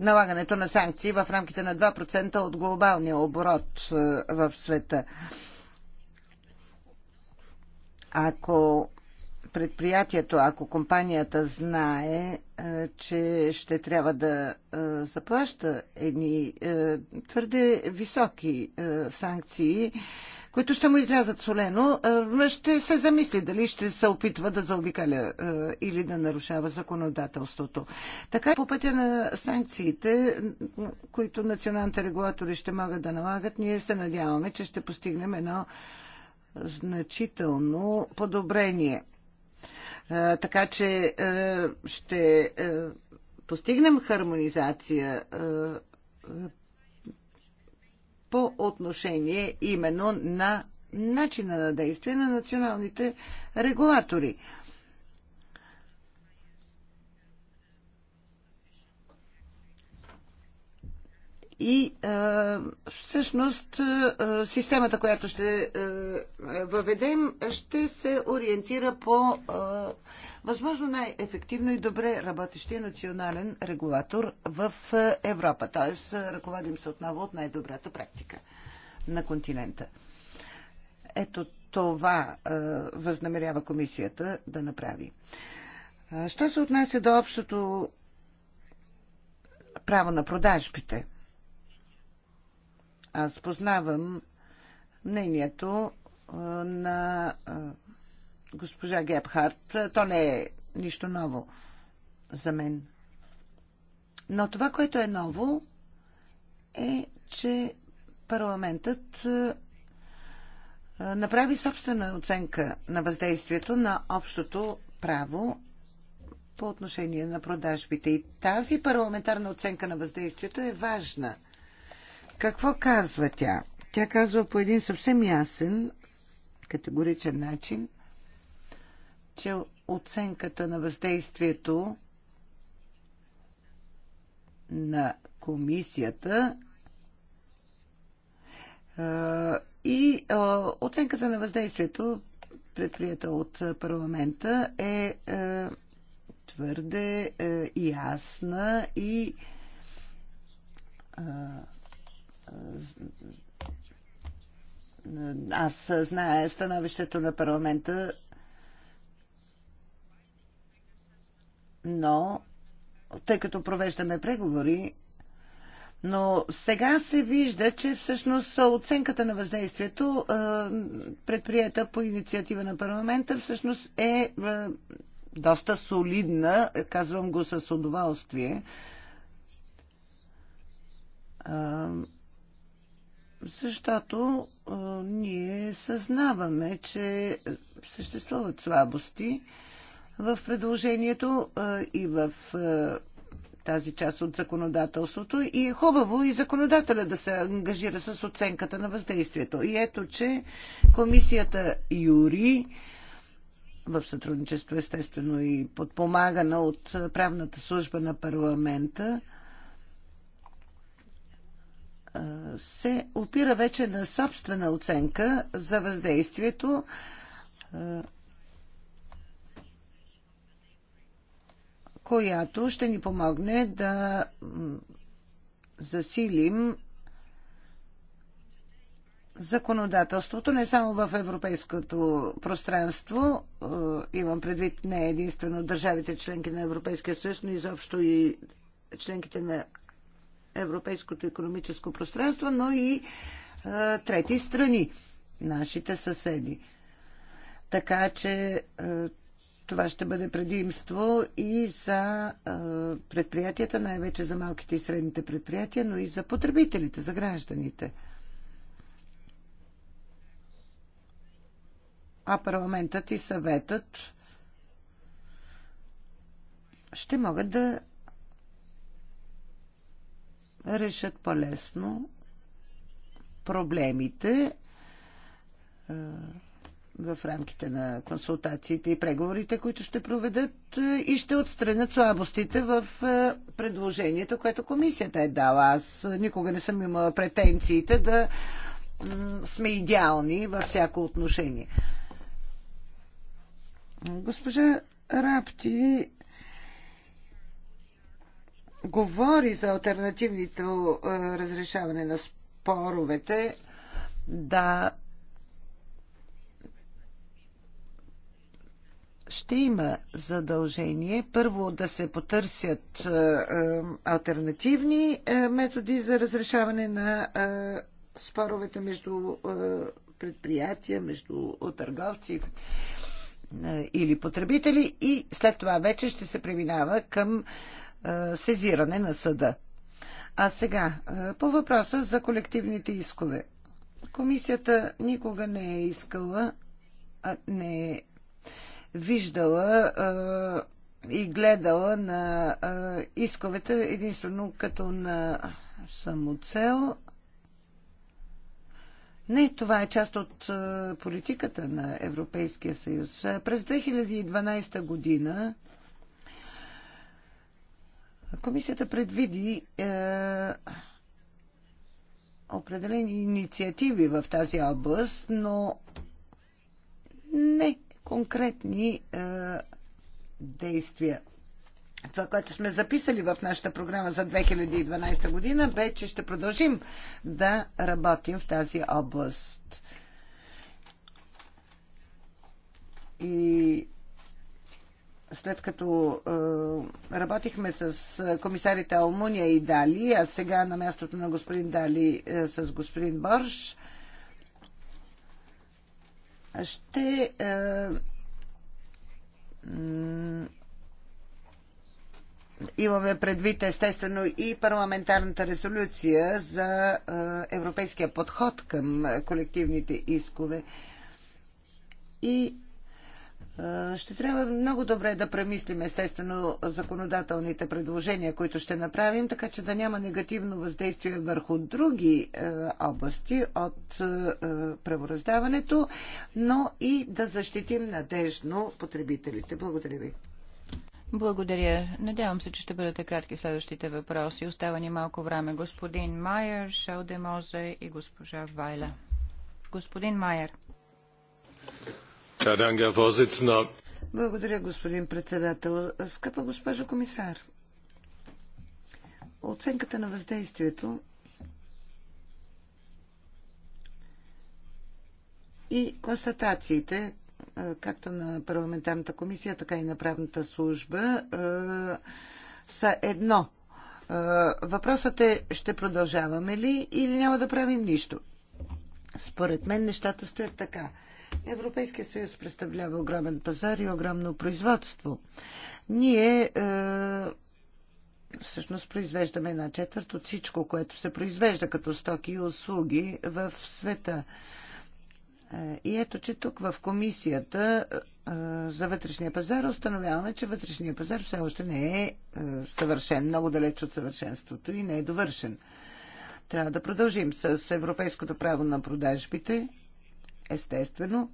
налагането на санкции в рамките на 2% от глобалния оборот е, в света. Ако предприятието, ако компанията знае, е, че ще трябва да е, заплаща едни твърде високи санкции, които ще му излязат солено, е, ще се замисли дали ще се опитва да заобикаля е, или да нарушава законодателството. Така по пътя на санкциите, които националните регулатори ще могат да налагат, ние се надяваме, че ще постигнем едно значително подобрение. Е, така че ще постигнем хармонизация по отношение именно на начина на действие на националните регулатори. И а, всъщност а, системата, която ще а, въведем, ще се ориентира по а, възможно най-ефективно и добре работещия национален регулатор в а, Европа. Тоест, ръководим се отново от най-добрата практика на континента. Ето това а, възнамерява комисията да направи. А, що се отнася до общото право на продажбите – аз познавам мнението на госпожа Гебхарт. То не е нищо ново за мен. Но това, което е ново, е, че парламентът направи собствена оценка на въздействието на общото право по отношение на продажбите. И тази парламентарна оценка на въздействието е важна – какво казва тя? Тя казва по един съвсем ясен, категоричен начин, че оценката на въздействието на комисията и оценката на въздействието, предприята от парламента, е твърде ясна и аз знае становището на парламента, но тъй като провеждаме преговори, но сега се вижда, че всъщност оценката на въздействието, предприета по инициатива на парламента, всъщност е доста солидна, казвам го с удоволствие защото а, ние съзнаваме, че съществуват слабости в предложението а, и в а, тази част от законодателството и е хубаво и законодателя да се ангажира с оценката на въздействието. И ето, че комисията Юри в сътрудничество естествено и подпомагана от правната служба на парламента, се опира вече на собствена оценка за въздействието която ще ни помогне да засилим законодателството не само в европейското пространство, имам предвид не единствено държавите членки на Европейския съюз, но изобщо и членките на Европейското економическо пространство, но и а, е, трети страни, нашите съседи. Така че а, е, това ще бъде предимство и за а, е, предприятията, най-вече за малките и средните предприятия, но и за потребителите, за гражданите. А парламентът и съветът ще могат да решат по-лесно проблемите в рамките на консултациите и преговорите, които ще проведат и ще отстранят слабостите в предложението, което комисията е дала. Аз никога не съм имала претенциите да сме идеални във всяко отношение. Госпожа Рапти говори за альтернативното е, разрешаване на споровете, да ще има задължение първо да се потърсят е, е, альтернативни методи за разрешаване на споровете между предприятия, между търговци или потребители и след това вече ще се преминава към е, сезиране на съда. А сега, е, по въпроса за колективните искове. Комисията никога не е искала, не е виждала е, и гледала на исковете единствено като на самоцел. Не, това е част от политиката на Европейския съюз. През 2012 година Комисията предвиди е, определени инициативи в тази област, но не конкретни е, действия. Това, което сме записали в нашата програма за 2012 година, бе, че ще продължим да работим в тази област. И след като е, работихме с е, комисарите Алмуния и Дали, а сега на мястото на господин Дали е, с господин Борш, ще е, имаме предвид естествено и парламентарната резолюция за е, европейския подход към е, колективните искове. И ще трябва много добре да премислим, естествено, законодателните предложения, които ще направим, така че да няма негативно въздействие върху други области от правораздаването, но и да защитим надежно потребителите. Благодаря ви. Благодаря. Надявам се, че ще бъдете кратки следващите въпроси. Остава ни малко време. Господин Майер, Шалдемозе и госпожа Вайла. Господин Майер. Благодаря, господин председател. Скъпа госпожо комисар, оценката на въздействието и констатациите, както на парламентарната комисия, така и на правната служба, са едно. Въпросът е, ще продължаваме ли или няма да правим нищо? Според мен нещата стоят така. Европейския съюз представлява огромен пазар и огромно производство. Ние е, всъщност произвеждаме една четвърт от всичко, което се произвежда като стоки и услуги в света. Е, и ето, че тук в комисията е, за вътрешния пазар установяваме, че вътрешния пазар все още не е, е съвършен, много далеч от съвършенството и не е довършен. Трябва да продължим с европейското право на продажбите, естествено,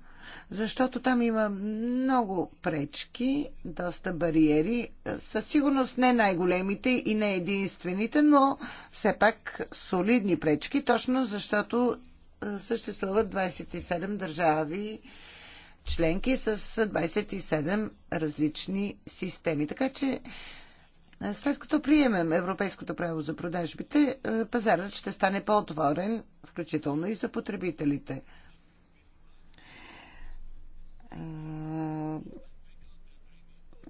защото там има много пречки, доста бариери, със сигурност не най-големите и не единствените, но все пак солидни пречки, точно защото е, съществуват 27 държави членки с 27 различни системи. Така че е, след като приемем европейското право за продажбите, е, пазарът ще стане по-отворен, включително и за потребителите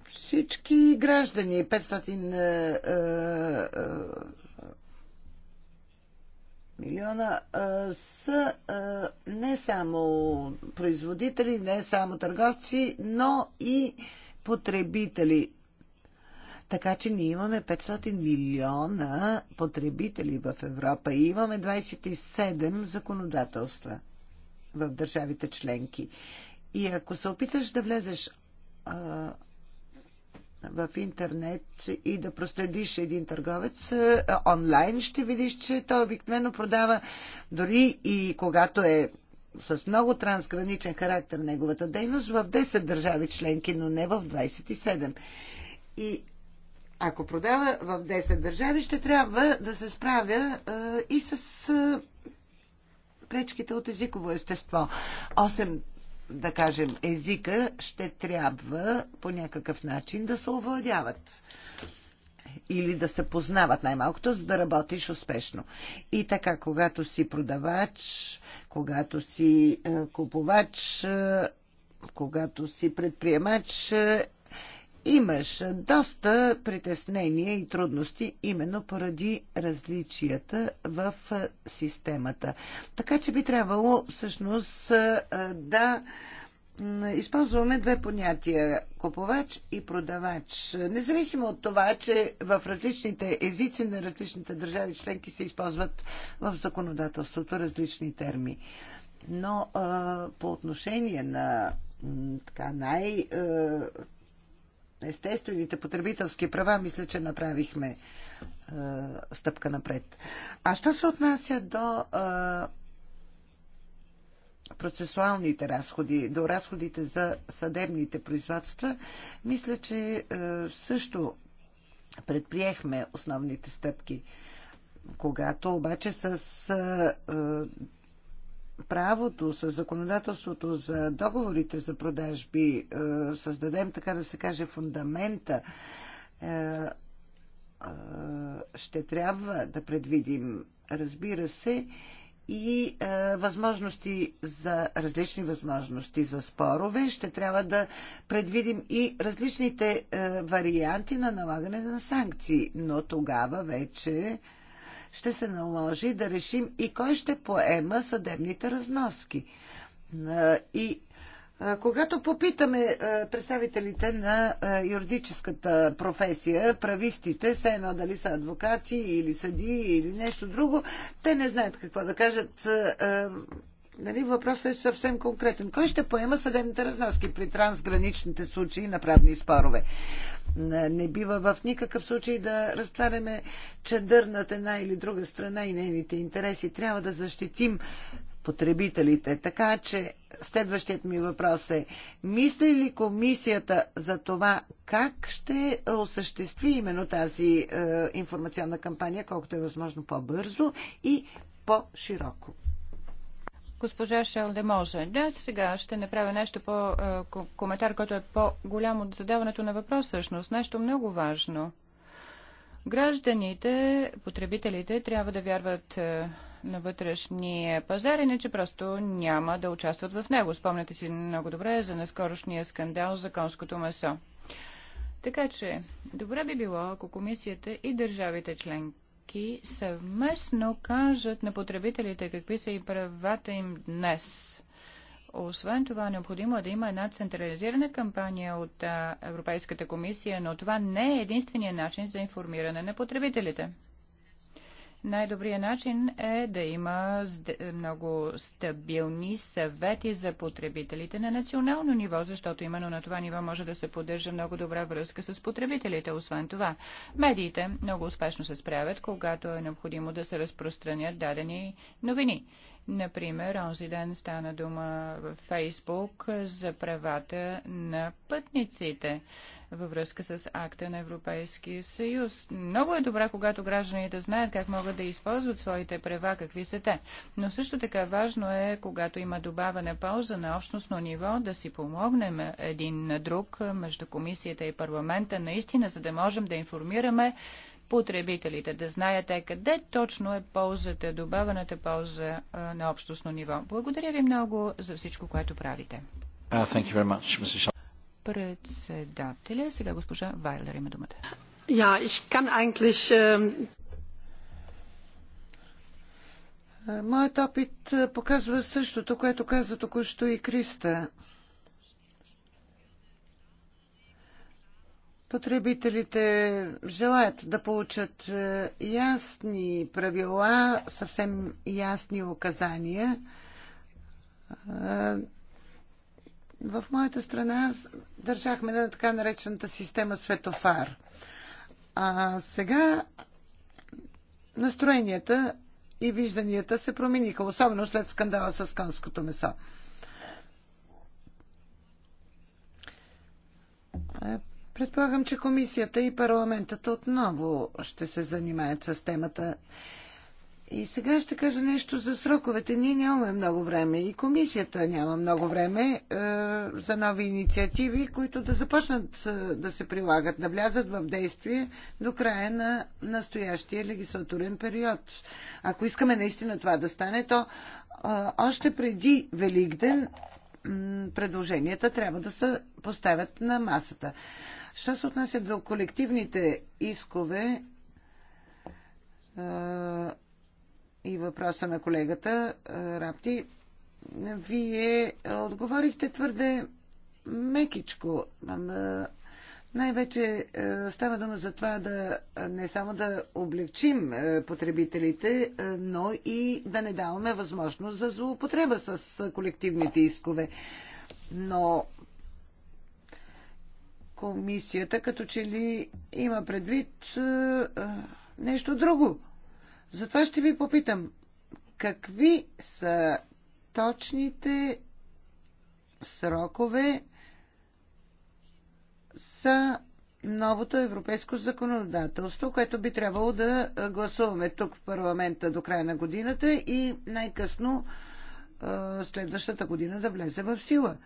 всички граждани, 500 милиона са не само производители, не само търговци, но и потребители. Така че ние имаме 500 милиона потребители в Европа и имаме 27 законодателства в държавите членки. И ако се опиташ да влезеш а, в интернет и да проследиш един търговец а, онлайн, ще видиш, че той обикновено продава дори и когато е с много трансграничен характер неговата дейност в 10 държави членки, но не в 27. И ако продава в 10 държави, ще трябва да се справя а, и с а, пречките от езиково естество. 8 да кажем, езика, ще трябва по някакъв начин да се овладяват или да се познават най-малкото, за да работиш успешно. И така, когато си продавач, когато си е, купувач, е, когато си предприемач, е, имаш доста притеснения и трудности именно поради различията в системата. Така че би трябвало всъщност да използваме две понятия купувач и продавач. Независимо от това, че в различните езици на различните държави членки се използват в законодателството различни терми. Но по отношение на така най- естествените потребителски права, мисля, че направихме е, стъпка напред. А що се отнася до е, процесуалните разходи, до разходите за съдебните производства, мисля, че е, също предприехме основните стъпки. Когато обаче с е, правото, с законодателството за договорите за продажби е, създадем, така да се каже, фундамента, е, е, ще трябва да предвидим, разбира се, и е, възможности за различни възможности за спорове. Ще трябва да предвидим и различните е, варианти на налагане на санкции. Но тогава вече ще се наложи да решим и кой ще поема съдебните разноски. И когато попитаме представителите на юридическата професия, правистите, все едно дали са адвокати или съди или нещо друго, те не знаят какво да кажат. Нали, въпросът е съвсем конкретен. Кой ще поема съдебните разноски при трансграничните случаи на правни спорове? Не бива в никакъв случай да разтваряме чадър над една или друга страна и нейните интереси. Трябва да защитим потребителите. Така че следващият ми въпрос е, мисли ли комисията за това как ще осъществи именно тази е, информационна кампания, колкото е възможно по-бързо и по-широко? госпожа Шелде може. Да, сега ще направя нещо по е, коментар, който е по-голям от задаването на въпрос всъщност. Нещо много важно. Гражданите, потребителите трябва да вярват е, на вътрешния пазар, иначе просто няма да участват в него. Спомняте си много добре за наскорошния скандал за конското месо. Така че, добре би било, ако комисията и държавите членки мерки съвместно кажат на потребителите какви са и правата им днес. Освен това, необходимо е да има една централизирана кампания от Европейската комисия, но това не е единствения начин за информиране на потребителите най-добрият начин е да има много стабилни съвети за потребителите на национално ниво, защото именно на това ниво може да се поддържа много добра връзка с потребителите. Освен това, медиите много успешно се справят, когато е необходимо да се разпространят дадени новини. Например, онзи ден стана дума в Фейсбук за правата на пътниците във връзка с акта на Европейския съюз. Много е добре, когато гражданите знаят как могат да използват своите права, какви са те. Но също така важно е, когато има добавена полза на общностно ниво, да си помогнем един на друг между комисията и парламента, наистина, за да можем да информираме потребителите, да знаете къде точно е ползата, добавената полза на общностно ниво. Благодаря ви много за всичко, което правите. Uh, much, Председателя, сега госпожа Вайлер има думата. Ja, yeah, ich kann eigentlich uh... Моят опит показва същото, което каза току-що и Криста. Потребителите желаят да получат е, ясни правила, съвсем ясни указания. Е, в моята страна държахме на така наречената система светофар. А сега настроенията и вижданията се промениха, особено след скандала с канското месо. Е, Предполагам, че комисията и парламентът отново ще се занимаят с темата. И сега ще кажа нещо за сроковете. Ние нямаме много време и комисията няма много време е, за нови инициативи, които да започнат е, да се прилагат, да влязат в действие до края на настоящия легислатурен период. Ако искаме наистина това да стане, то е, още преди Великден предложенията трябва да се поставят на масата. Що се отнася до колективните искове и въпроса на колегата Рапти, вие отговорихте твърде мекичко. Най-вече става дума за това да не само да облегчим потребителите, но и да не даваме възможност за злоупотреба с колективните искове. Но комисията като че ли има предвид а, нещо друго. Затова ще ви попитам, какви са точните срокове за новото европейско законодателство, което би трябвало да гласуваме тук в парламента до края на годината и най-късно следващата година да влезе в сила.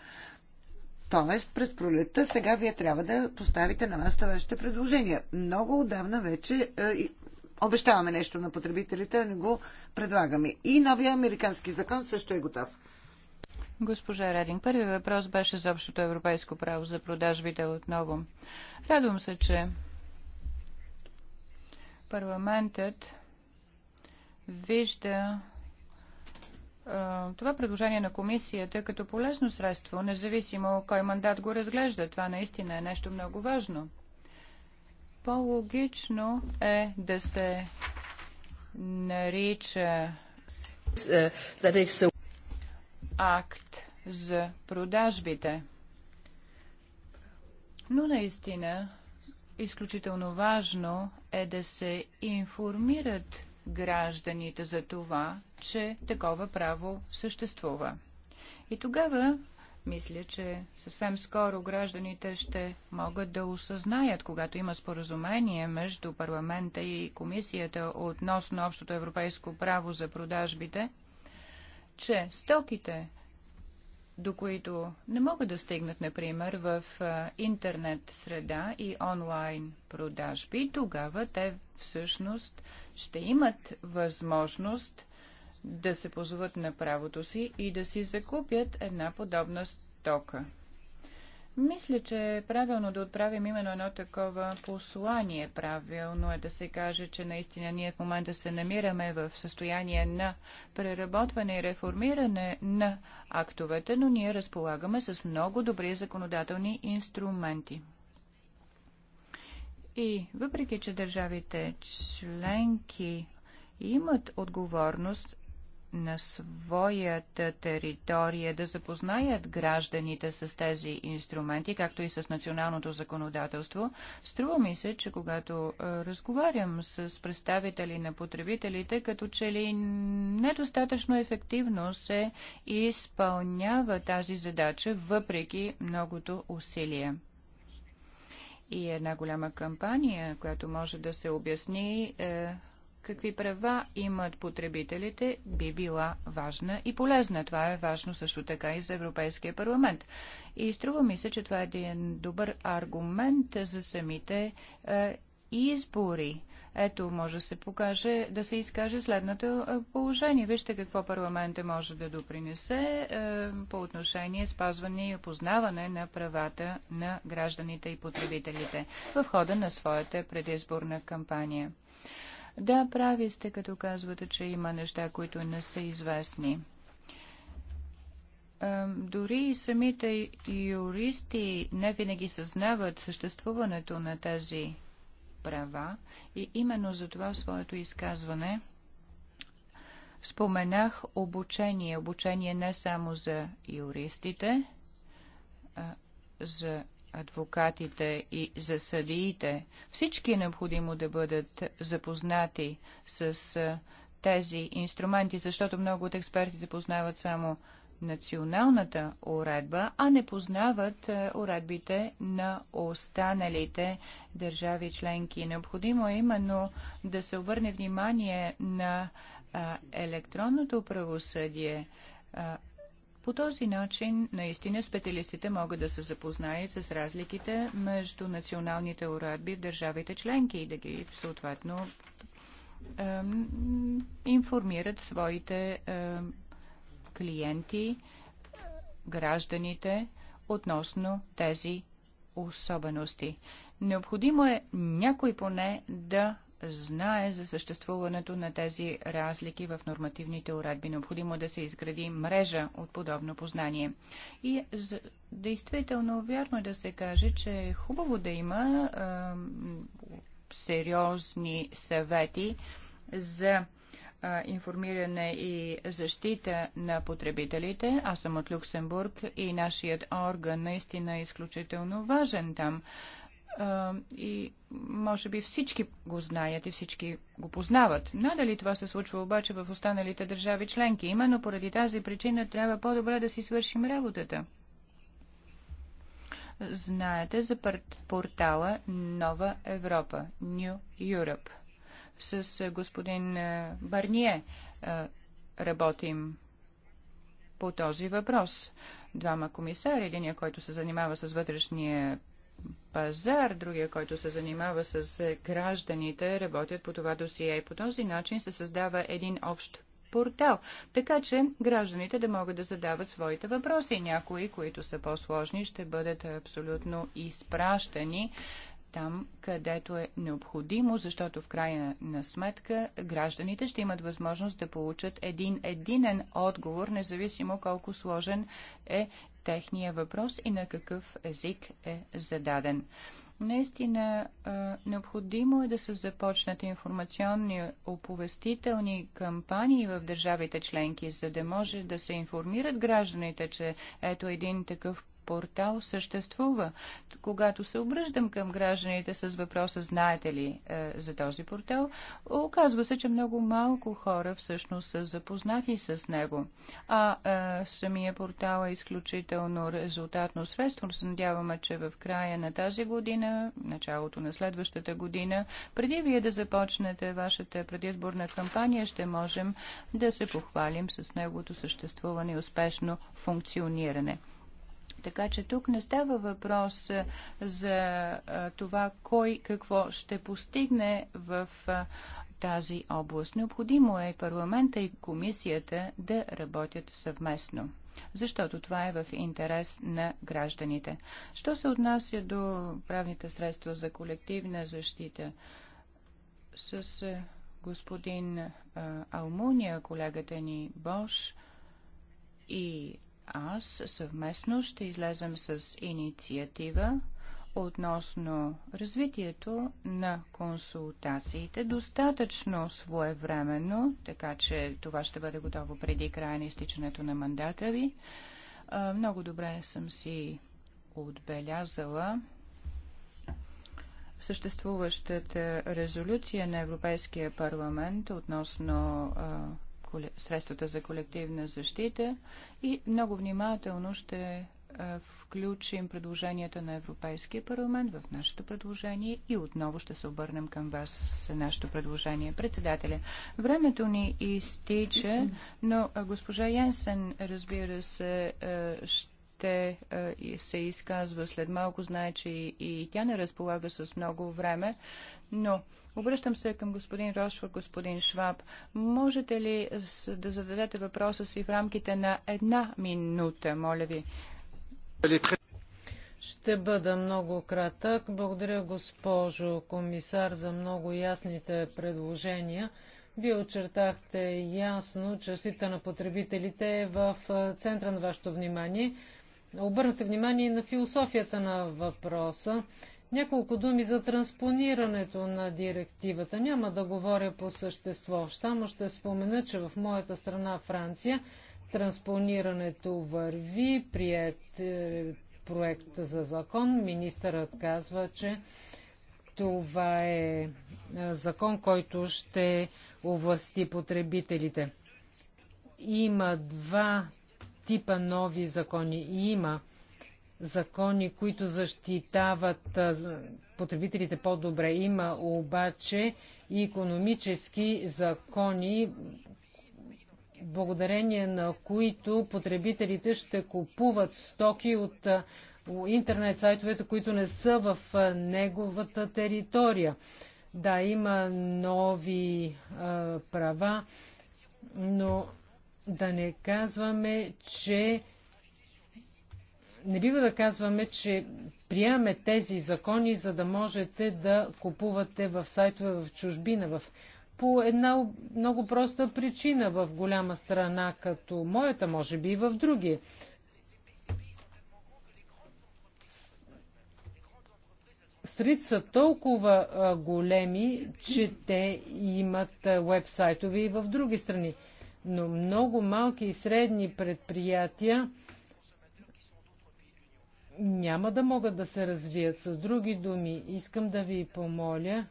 Тоест, през пролетта сега вие трябва да поставите на масата вашите предложения. Много отдавна вече е, обещаваме нещо на потребителите, а не го предлагаме. И новия американски закон също е готов. Госпожа Радин, първи въпрос беше за общото европейско право за продажбите отново. Радвам се, че парламентът вижда това предложение на комисията е като полезно средство, независимо кой мандат го разглежда. Това наистина е нещо много важно. По-логично е да се нарича акт за продажбите. Но наистина изключително важно е да се информират гражданите за това, че такова право съществува. И тогава мисля, че съвсем скоро гражданите ще могат да осъзнаят, когато има споразумение между парламента и комисията относно общото европейско право за продажбите, че стоките, до които не могат да стигнат, например, в интернет среда и онлайн продажби, тогава те всъщност ще имат възможност да се позоват на правото си и да си закупят една подобна стока. Мисля, че е правилно да отправим именно едно такова послание. Правилно е да се каже, че наистина ние в момента се намираме в състояние на преработване и реформиране на актовете, но ние разполагаме с много добри законодателни инструменти. И въпреки, че държавите членки имат отговорност на своята територия, да запознаят гражданите с тези инструменти, както и с националното законодателство. Струва ми се, че когато разговарям с представители на потребителите, като че ли недостатъчно ефективно се изпълнява тази задача, въпреки многото усилие и една голяма кампания, която може да се обясни е, какви права имат потребителите, би била важна и полезна. Това е важно също така и за Европейския парламент. И струва ми се, че това е един добър аргумент за самите е, избори. Ето, може да се покаже, да се изкаже следното е, положение. Вижте какво парламентът може да допринесе е, по отношение спазване и опознаване на правата на гражданите и потребителите в хода на своята предизборна кампания. Да, прави сте, като казвате, че има неща, които не са известни. Дори и самите юристи не винаги съзнават съществуването на тези права и именно за това в своето изказване споменах обучение. Обучение не само за юристите, а за адвокатите и за съдиите. Всички е необходимо да бъдат запознати с тези инструменти, защото много от експертите познават само националната уредба, а не познават уредбите на останалите държави членки. Необходимо е именно да се обърне внимание на електронното правосъдие, по този начин, наистина, специалистите могат да се запознаят с разликите между националните уредби в държавите членки и да ги съответно информират своите клиенти, гражданите относно тези особености. Необходимо е някой поне да знае за съществуването на тези разлики в нормативните уредби. Необходимо да се изгради мрежа от подобно познание. И за, действително вярно е да се каже, че е хубаво да има а, сериозни съвети за информиране и защита на потребителите. Аз съм от Люксембург и нашият орган наистина е изключително важен там и може би всички го знаят и всички го познават. Надали това се случва обаче в останалите държави членки. Именно поради тази причина трябва по-добре да си свършим работата. Знаете за портала Нова Европа, New Europe. С господин Барние работим по този въпрос. Двама комисари, един, който се занимава с вътрешния пазар, другия, който се занимава с гражданите, работят по това досие и по този начин се създава един общ портал, така че гражданите да могат да задават своите въпроси. Някои, които са по-сложни, ще бъдат абсолютно изпращани там, където е необходимо, защото в крайна на сметка гражданите ще имат възможност да получат един единен отговор, независимо колко сложен е техния въпрос и на какъв език е зададен. Наистина, необходимо е да се започнат информационни оповестителни кампании в държавите членки, за да може да се информират гражданите, че ето един такъв портал съществува. Когато се обръждам към гражданите с въпроса знаете ли е, за този портал, оказва се, че много малко хора всъщност са запознати с него. А е, самия портал е изключително резултатно средство. Се надяваме, че в края на тази година, началото на следващата година, преди вие да започнете вашата предизборна кампания, ще можем да се похвалим с неговото съществуване и успешно функциониране. Така че тук не става въпрос е, за е, това кой какво ще постигне в е, тази област. Необходимо е парламента и комисията да работят съвместно защото това е в интерес на гражданите. Що се отнася до правните средства за колективна защита? С господин Алмуния, колегата ни Бош и аз съвместно ще излезем с инициатива относно развитието на консултациите достатъчно своевременно, така че това ще бъде готово преди края на изтичането на мандата ви. Много добре съм си отбелязала съществуващата резолюция на Европейския парламент относно средствата за колективна защита и много внимателно ще е, включим предложенията на Европейския парламент в нашето предложение и отново ще се обърнем към вас с нашето предложение. Председателя, времето ни изтича, но госпожа Янсен, разбира се, ще се изказва след малко. Знае, че и тя не разполага с много време, но Обръщам се към господин Рошфор, господин Шваб. Можете ли да зададете въпроса си в рамките на една минута, моля ви? Ще бъда много кратък. Благодаря, госпожо комисар, за много ясните предложения. Вие очертахте ясно, че защита на потребителите е в центъра на вашето внимание. Обърнете внимание на философията на въпроса няколко думи за транспонирането на директивата. Няма да говоря по същество. Само ще спомена, че в моята страна Франция транспонирането върви, прият е, проект за закон. Министърът казва, че това е, е закон, който ще овласти потребителите. Има два типа нови закони. Има закони, които защитават потребителите по-добре. Има обаче и економически закони, благодарение на които потребителите ще купуват стоки от интернет сайтовете, които не са в неговата територия. Да, има нови а, права, но да не казваме, че не бива да казваме, че приемаме тези закони, за да можете да купувате в сайтове в чужбина, в по една много проста причина в голяма страна, като моята, може би и в други. Сред са толкова а, големи, че те имат вебсайтове и в други страни. Но много малки и средни предприятия няма да могат да се развият. С други думи, искам да ви помоля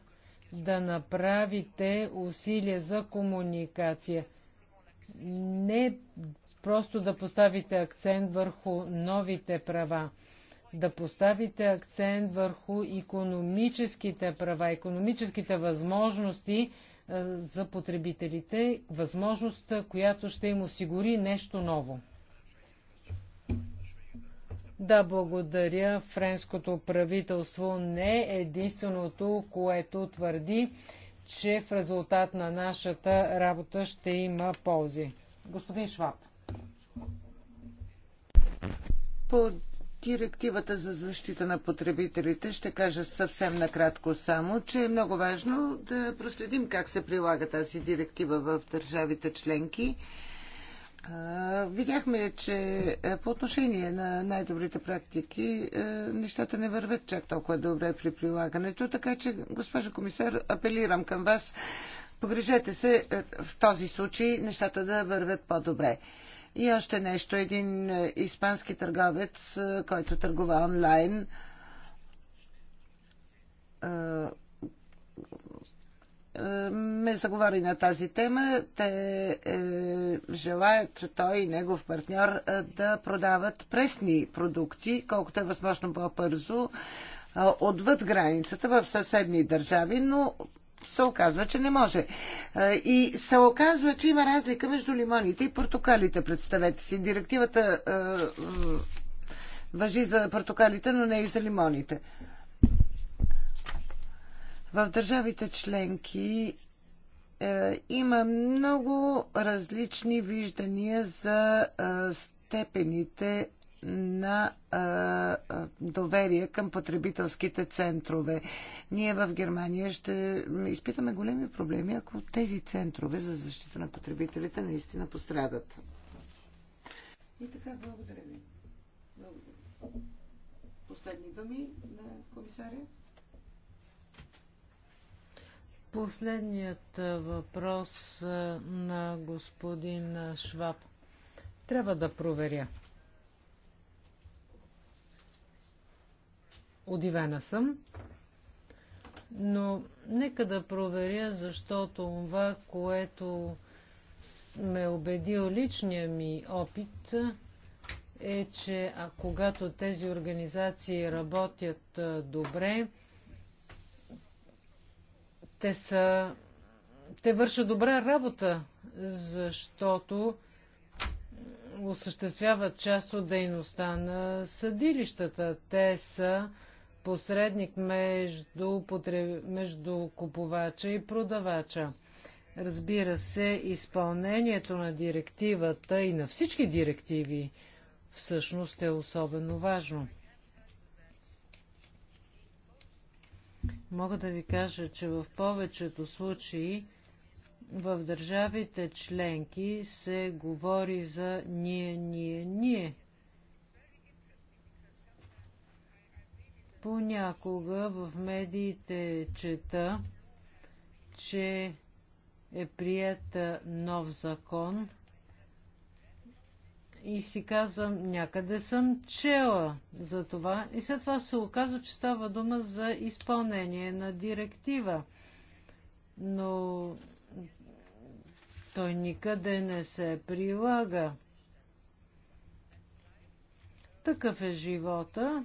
да направите усилия за комуникация. Не просто да поставите акцент върху новите права, да поставите акцент върху економическите права, економическите възможности е, за потребителите, възможността, която ще им осигури нещо ново. Да, благодаря. Френското правителство не е единственото, което твърди, че в резултат на нашата работа ще има ползи. Господин Шваб. По директивата за защита на потребителите ще кажа съвсем накратко само, че е много важно да проследим как се прилага тази директива в държавите членки Видяхме, че е, по отношение на най-добрите практики е, нещата не вървят чак толкова добре при прилагането, така че, госпожо комисар, апелирам към вас, погрежете се е, в този случай нещата да вървят по-добре. И още нещо, един испански търговец, който търгува онлайн, ме заговори на тази тема. Те е, желаят той и негов партньор е, да продават пресни продукти, колкото е възможно по-бързо, е, отвъд границата в съседни държави, но се оказва, че не може. Е, и се оказва, че има разлика между лимоните и портокалите. Представете си, директивата въжи за портокалите, но не и за лимоните. В държавите членки е, има много различни виждания за е, степените на е, е, доверие към потребителските центрове. Ние в Германия ще изпитаме големи проблеми, ако тези центрове за защита на потребителите наистина пострадат. И така, благодаря ви. Благодаря. Последни думи на комисаря. Последният въпрос на господин Шваб. Трябва да проверя. Удивена съм. Но нека да проверя, защото това, което ме убедил личния ми опит, е, че а, когато тези организации работят добре, те са... Те вършат добра работа, защото осъществяват част от дейността на съдилищата. Те са посредник между, потреб... между купувача и продавача. Разбира се, изпълнението на директивата и на всички директиви всъщност е особено важно. Мога да ви кажа, че в повечето случаи в държавите членки се говори за ние, ние, ние. Понякога в медиите чета, че е прият нов закон – и си казвам, някъде съм чела за това. И след това се оказва, че става дума за изпълнение на директива. Но той никъде не се прилага. Такъв е живота.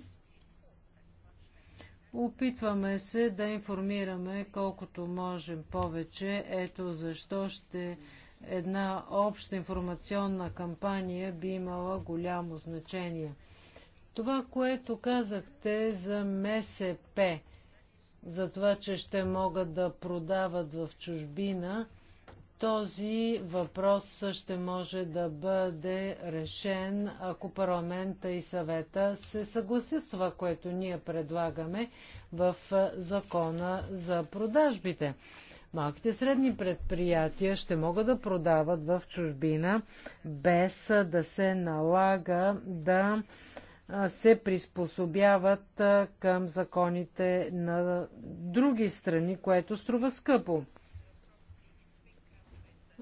Опитваме се да информираме колкото можем повече. Ето защо ще една обща информационна кампания би имала голямо значение. Това, което казахте за МСП, за това, че ще могат да продават в чужбина, този въпрос ще може да бъде решен, ако парламента и съвета се съгласят с това, което ние предлагаме в закона за продажбите. Малките и средни предприятия ще могат да продават в чужбина без да се налага да се приспособяват към законите на други страни, което струва скъпо.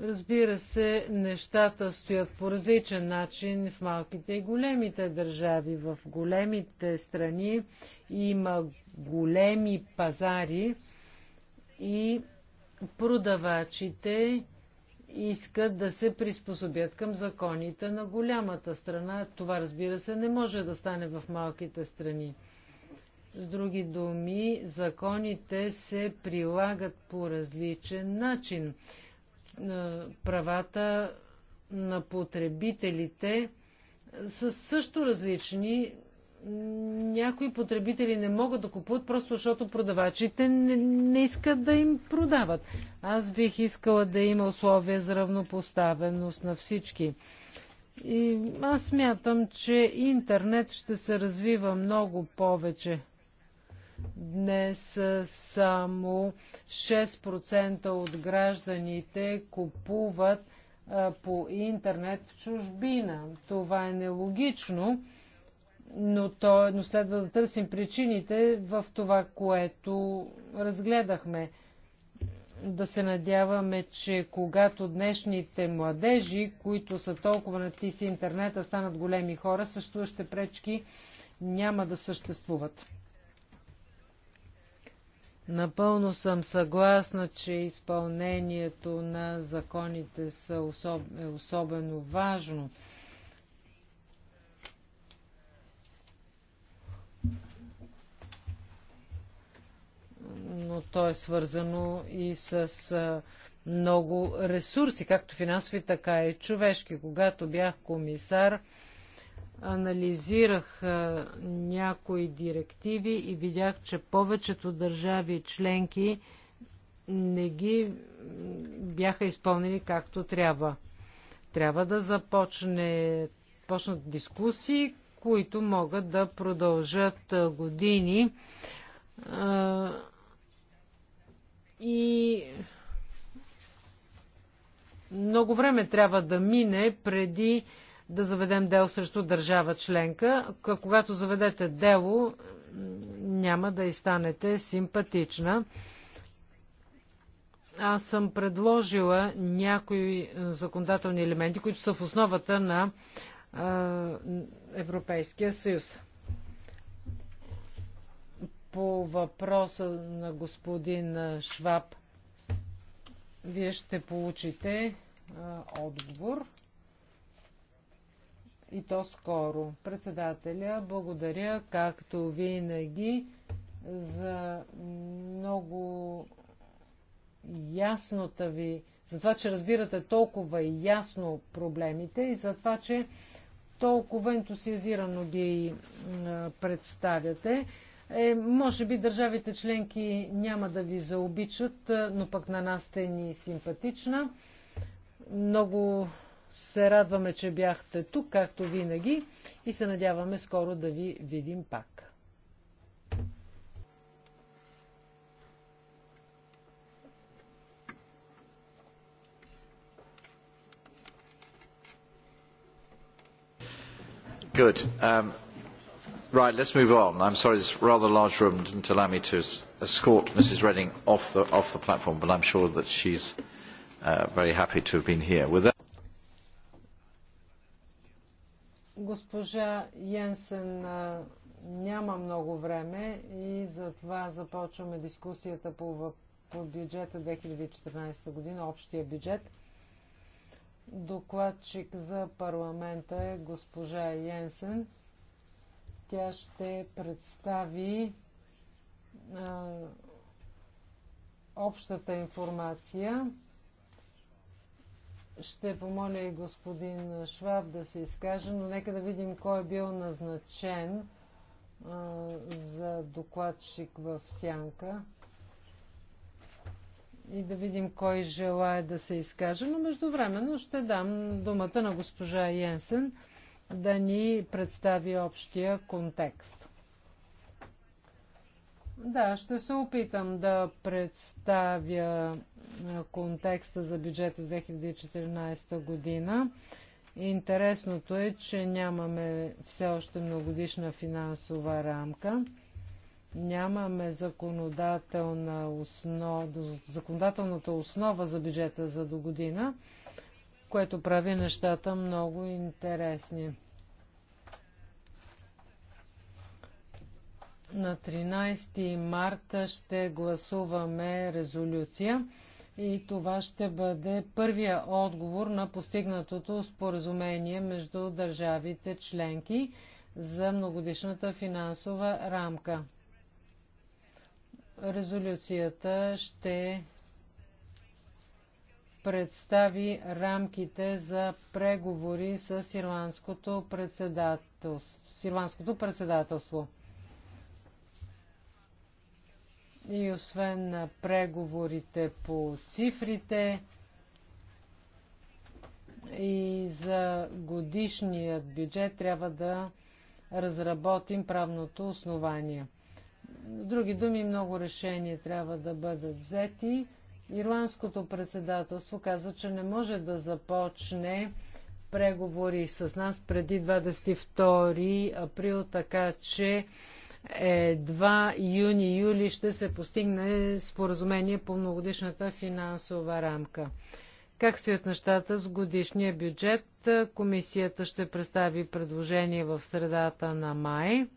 Разбира се, нещата стоят по различен начин в малките и големите държави. В големите страни има големи пазари и продавачите искат да се приспособят към законите на голямата страна. Това, разбира се, не може да стане в малките страни. С други думи, законите се прилагат по различен начин. Е, правата на потребителите са също различни някои потребители не могат да купуват, просто защото продавачите не, не искат да им продават. Аз бих искала да има условия за равнопоставеност на всички. И аз смятам, че интернет ще се развива много повече. Днес само 6% от гражданите купуват а, по интернет в чужбина. Това е нелогично но, то, но следва да търсим причините в това, което разгледахме. Да се надяваме, че когато днешните младежи, които са толкова на ти си интернета, станат големи хора, съществуващите пречки няма да съществуват. Напълно съм съгласна, че изпълнението на законите са особ... е особено важно. но то е свързано и с много ресурси, както финансови, така и човешки. Когато бях комисар, анализирах а, някои директиви и видях, че повечето държави членки не ги бяха изпълнени както трябва. Трябва да започне почнат дискусии, които могат да продължат години. И много време трябва да мине преди да заведем дело срещу държава членка. Когато заведете дело, няма да и станете симпатична. Аз съм предложила някои законодателни елементи, които са в основата на Европейския съюз. По въпроса на господин Шваб, вие ще получите а, отговор. И то скоро. Председателя, благодаря, както винаги, за много яснота ви, за това, че разбирате толкова ясно проблемите и за това, че толкова ентусиазирано ги представяте. Е, може би държавите членки няма да ви заобичат, е, но пък на нас сте ни симпатична. Много се радваме, че бяхте тук, както винаги, и се надяваме скоро да ви видим пак. Good. Um, Right, let's move on. I'm sorry, this rather large room didn't allow me to escort Mrs. Redding off the, off the platform, but I'm sure that she's uh, very happy to have been here. With that... Госпожа Йенсен няма много време и затова започваме дискусията по, по бюджета 2014 година, общия бюджет. Докладчик за парламента е госпожа Йенсен. Тя ще представи а, общата информация. Ще помоля и господин Шваб да се изкаже, но нека да видим кой е бил назначен а, за докладчик в Сянка и да видим кой желая да се изкаже, но междувременно ще дам думата на госпожа Йенсен да ни представи общия контекст. Да, ще се опитам да представя контекста за бюджета за 2014 година. Интересното е, че нямаме все още многодишна финансова рамка. Нямаме законодателна основ... законодателната основа за бюджета за до година което прави нещата много интересни. На 13 марта ще гласуваме резолюция и това ще бъде първия отговор на постигнатото споразумение между държавите членки за многодишната финансова рамка. Резолюцията ще представи рамките за преговори с ирландското председателство. С ирландското председателство. И освен на преговорите по цифрите и за годишният бюджет трябва да разработим правното основание. С други думи, много решения трябва да бъдат взети Ирландското председателство каза, че не може да започне преговори с нас преди 22 април, така че едва юни-юли ще се постигне споразумение по многодишната финансова рамка. Как стоят нещата с годишния бюджет? Комисията ще представи предложение в средата на май.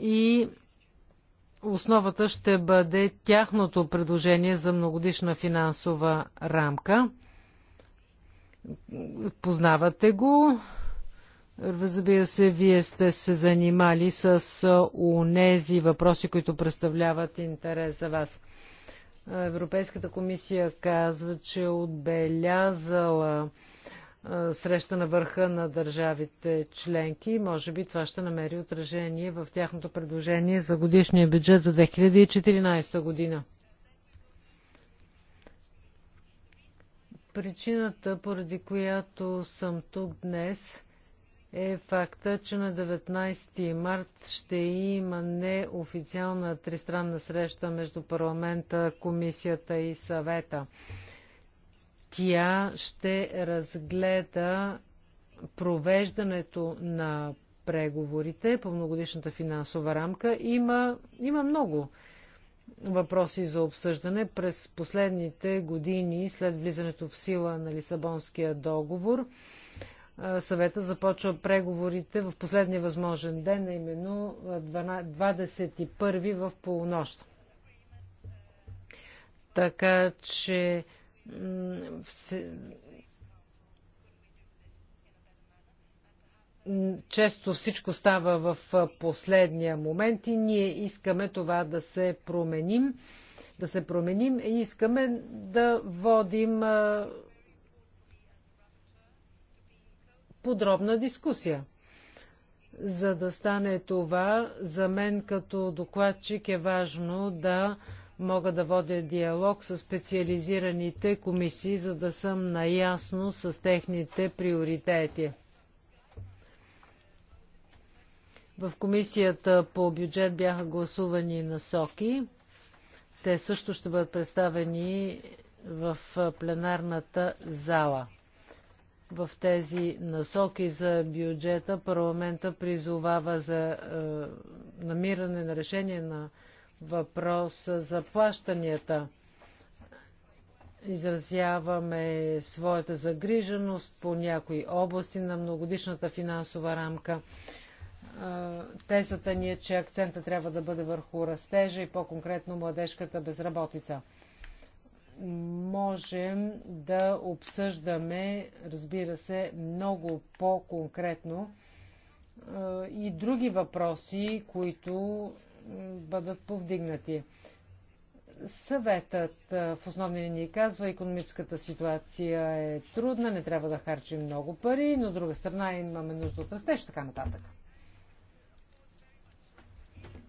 И основата ще бъде тяхното предложение за многодишна финансова рамка. Познавате го. Разбира се, вие сте се занимали с унези въпроси, които представляват интерес за вас. Европейската комисия казва, че отбелязала среща на върха на държавите членки. Може би това ще намери отражение в тяхното предложение за годишния бюджет за 2014 година. Причината, поради която съм тук днес, е факта, че на 19 март ще има неофициална тристранна среща между парламента, комисията и съвета. Тя ще разгледа провеждането на преговорите по многодишната финансова рамка. Има, има много въпроси за обсъждане. През последните години, след влизането в сила на Лисабонския договор, съвета започва преговорите в последния възможен ден, а именно 21 в полунощ. Така че често всичко става в последния момент и ние искаме това да се променим, да се променим и искаме да водим подробна дискусия. За да стане това, за мен като докладчик е важно да мога да водя диалог с специализираните комисии, за да съм наясно с техните приоритети. В комисията по бюджет бяха гласувани насоки. Те също ще бъдат представени в пленарната зала. В тези насоки за бюджета парламента призовава за е, намиране на решение на Въпрос за плащанията. Изразяваме своята загриженост по някои области на многодишната финансова рамка. Тезата ни е, че акцента трябва да бъде върху растежа и по-конкретно младежката безработица. Можем да обсъждаме, разбира се, много по-конкретно и други въпроси, които бъдат повдигнати. Съветът в основни линии казва, економическата ситуация е трудна, не трябва да харчим много пари, но от друга страна имаме нужда от растеж, така нататък.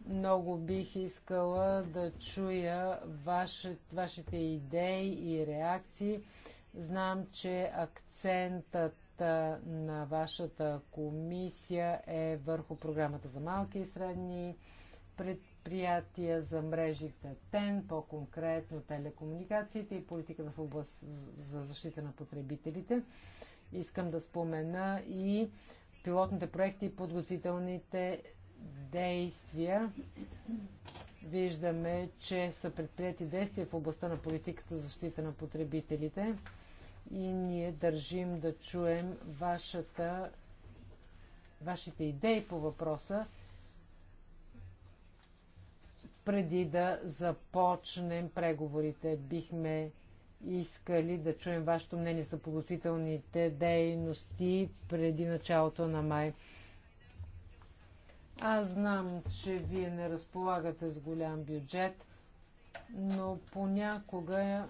Много бих искала да чуя ваши, вашите идеи и реакции. Знам, че акцентът на вашата комисия е върху програмата за малки и средни предприятия за мрежите ТЕН, по-конкретно телекомуникациите и политиката в област за защита на потребителите. Искам да спомена и пилотните проекти и подготвителните действия. Виждаме, че са предприяти действия в областта на политиката за защита на потребителите и ние държим да чуем вашата, вашите идеи по въпроса преди да започнем преговорите. Бихме искали да чуем вашето мнение за положителните дейности преди началото на май. Аз знам, че вие не разполагате с голям бюджет, но понякога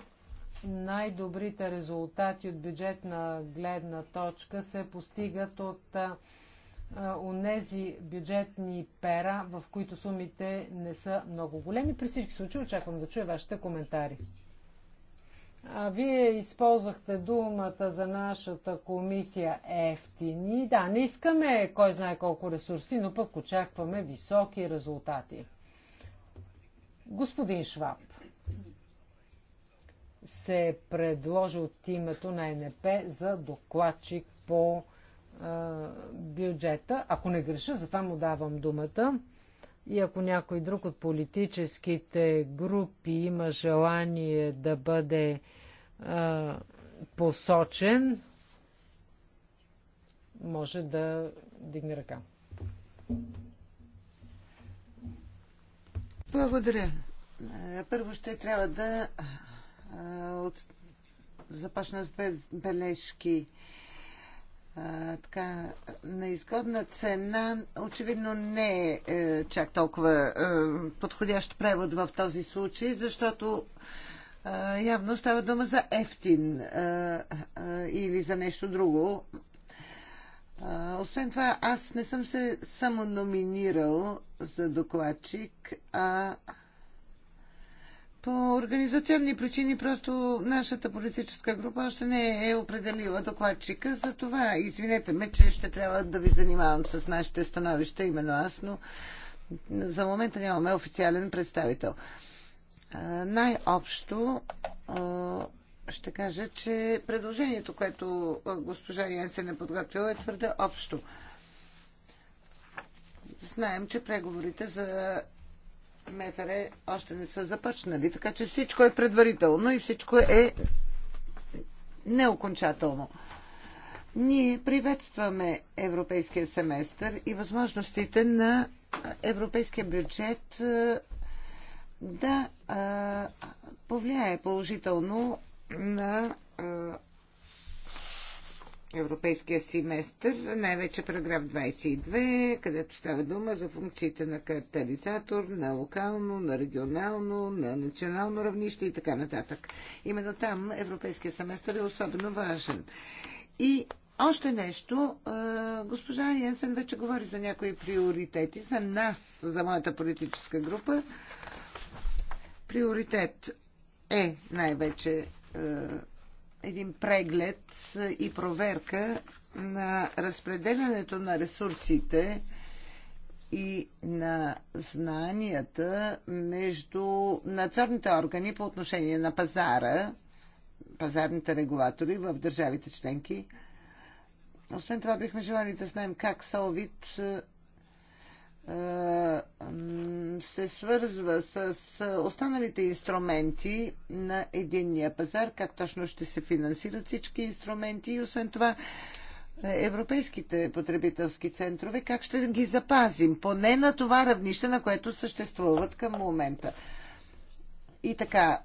най-добрите резултати от бюджетна гледна точка се постигат от онези бюджетни пера, в които сумите не са много големи. При всички случаи очаквам да чуя вашите коментари. А, вие използвахте думата за нашата комисия ефтини. Да, не искаме кой знае колко ресурси, но пък очакваме високи резултати. Господин Шваб се е предложи от името на НП за докладчик по бюджета, ако не греша, затова му давам думата. И ако някой друг от политическите групи има желание да бъде а, посочен, може да дигне ръка. Благодаря. Първо ще трябва да а, от... започна с две бележки. А, а, така, на изгодна цена очевидно не е, е чак толкова е, подходящ превод в този случай, защото е, явно става дума за ефтин е, е, или за нещо друго. Е, освен това, аз не съм се само номинирал за докладчик, а по организационни причини просто нашата политическа група още не е определила докладчика, за това извинете ме, че ще трябва да ви занимавам с нашите становища, именно аз, но за момента нямаме официален представител. най-общо ще кажа, че предложението, което госпожа Янсен е подготвила, е твърде общо. Знаем, че преговорите за МФР още не са започнали, така че всичко е предварително и всичко е неокончателно. Ние приветстваме европейския семестър и възможностите на европейския бюджет да повлияе положително на европейския семестър, най-вече параграф 22, където става дума за функциите на катализатор, на локално, на регионално, на национално равнище и така нататък. Именно там европейския семестър е особено важен. И още нещо. Госпожа Янсен вече говори за някои приоритети. За нас, за моята политическа група, приоритет е най-вече един преглед и проверка на разпределянето на ресурсите и на знанията между надзорните органи по отношение на пазара, пазарните регулатори в държавите членки. Освен това бихме желали да знаем как Солвит се свързва с останалите инструменти на единния пазар, как точно ще се финансират всички инструменти и освен това е, европейските потребителски центрове, как ще ги запазим, поне на това равнище, на което съществуват към момента. И така,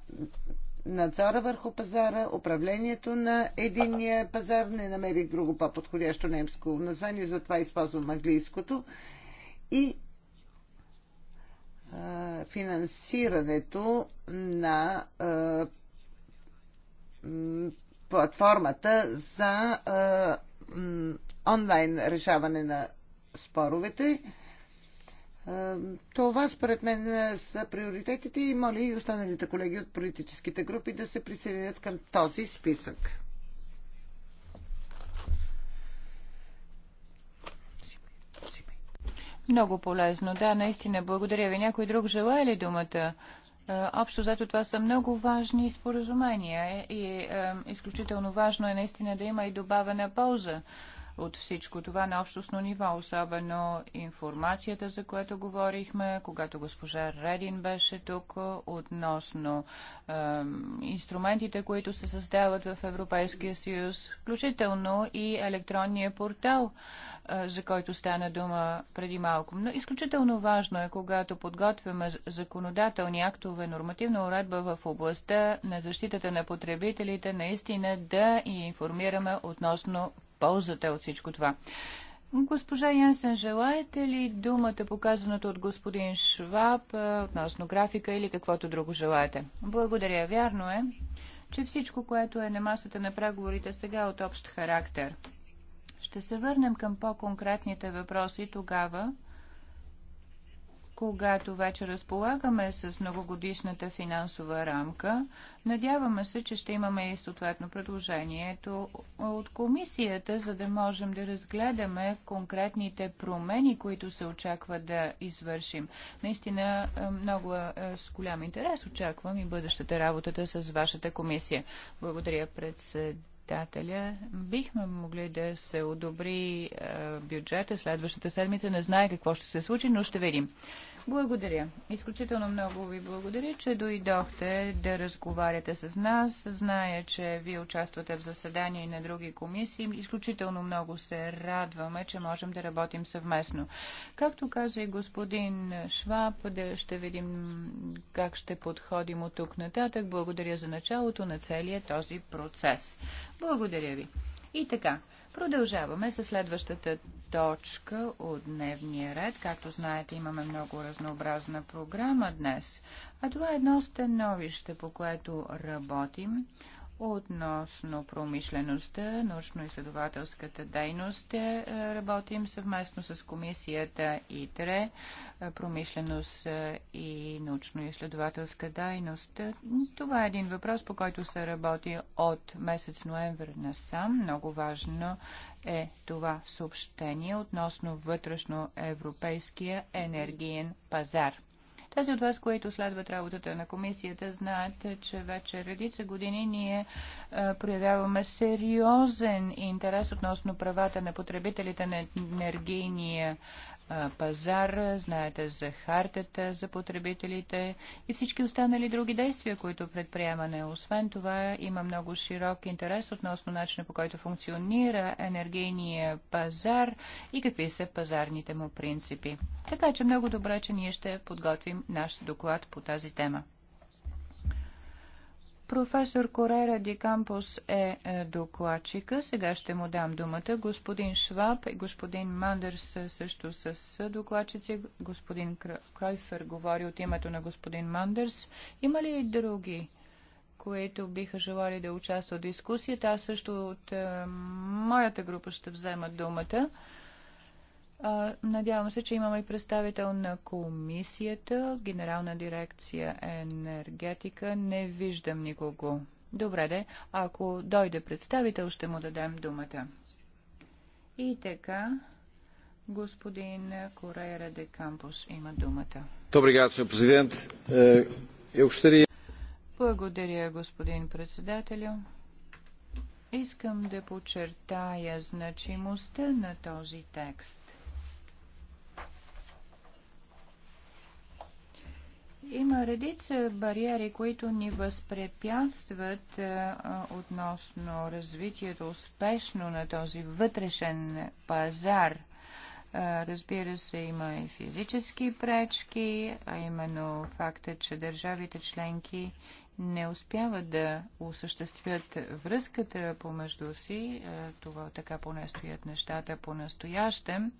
надзора върху пазара, управлението на единния пазар, не намерих друго по-подходящо немско название, затова използвам английското и финансирането на платформата за онлайн решаване на споровете. Това според мен са приоритетите и моля и останалите колеги от политическите групи да се присъединят към този списък. Много полезно, да, наистина. Благодаря ви. Някой друг желая ли думата? Е, общо зато това са много важни споразумения и е, изключително важно е наистина да има и добавена полза от всичко това на общостно ниво, особено информацията, за която говорихме, когато госпожа Редин беше тук, относно е, инструментите, които се създават в Европейския съюз, включително и електронния портал. Е, за който стана дума преди малко. Но изключително важно е, когато подготвяме законодателни актове, нормативна уредба в областта на защитата на потребителите, наистина да и информираме относно ползата от всичко това. Госпожа Янсен, желаете ли думата показаната от господин Шваб относно графика или каквото друго желаете? Благодаря. Вярно е, че всичко, което е на масата на преговорите сега е от общ характер – ще се върнем към по-конкретните въпроси тогава, когато вече разполагаме с многогодишната финансова рамка, надяваме се, че ще имаме и съответно предложението от комисията, за да можем да разгледаме конкретните промени, които се очаква да извършим. Наистина е, много е, с голям интерес очаквам и бъдещата работата с вашата комисия. Благодаря председател председателя. Бихме могли да се одобри е, бюджета следващата седмица. Не знае какво ще се случи, но ще видим. Благодаря. Изключително много ви благодаря, че дойдохте да разговаряте с нас. Зная, че вие участвате в заседания и на други комисии. Изключително много се радваме, че можем да работим съвместно. Както каза и господин Шваб, да ще видим как ще подходим от тук нататък. Благодаря за началото на целия този процес. Благодаря ви. И така. Продължаваме с следващата точка от дневния ред. Както знаете, имаме много разнообразна програма днес. А това е едно становище, по което работим Относно промишлеността, научно-изследователската дейност е, е, работим съвместно с комисията ИТРЕ, е, промишленост и научно-изследователска дейност. Това е един въпрос, по който се работи от месец ноември насам. Много важно е това съобщение относно вътрешно европейския енергиен пазар. Тези от вас, които следват работата на комисията, знаят, че вече редица години ние е, проявяваме сериозен интерес относно правата на потребителите на енергийния пазар, знаете за хартата за потребителите и всички останали други действия, които предприемане. Освен това, има много широк интерес относно начина по който функционира енергийния пазар и какви са пазарните му принципи. Така че много добре, че ние ще подготвим наш доклад по тази тема. Професор Корера Ди Кампус е, е докладчика. Сега ще му дам думата. Господин Шваб и господин Мандерс също с докладчици. Господин Кройфер говори от името на господин Мандерс. Има ли и други, които биха желали да участват в дискусията? Аз също от е, моята група ще взема думата. Надявам се, че имаме и представител на комисията, генерална дирекция енергетика. Не виждам никого. Добре де, ако дойде представител, ще му дадем думата. И така, господин Корейра де Кампус има думата. Добре, господин президент. Благодаря, господин председателю. Искам да подчертая значимостта на този текст – Има редица бариери, които ни възпрепятстват е, а, относно развитието успешно на този вътрешен пазар. А, е, разбира се, има и физически пречки, а именно факта, че държавите членки не успяват да осъществят връзката помежду си. А, е, това така поне стоят нещата по-настоящем. по настоящем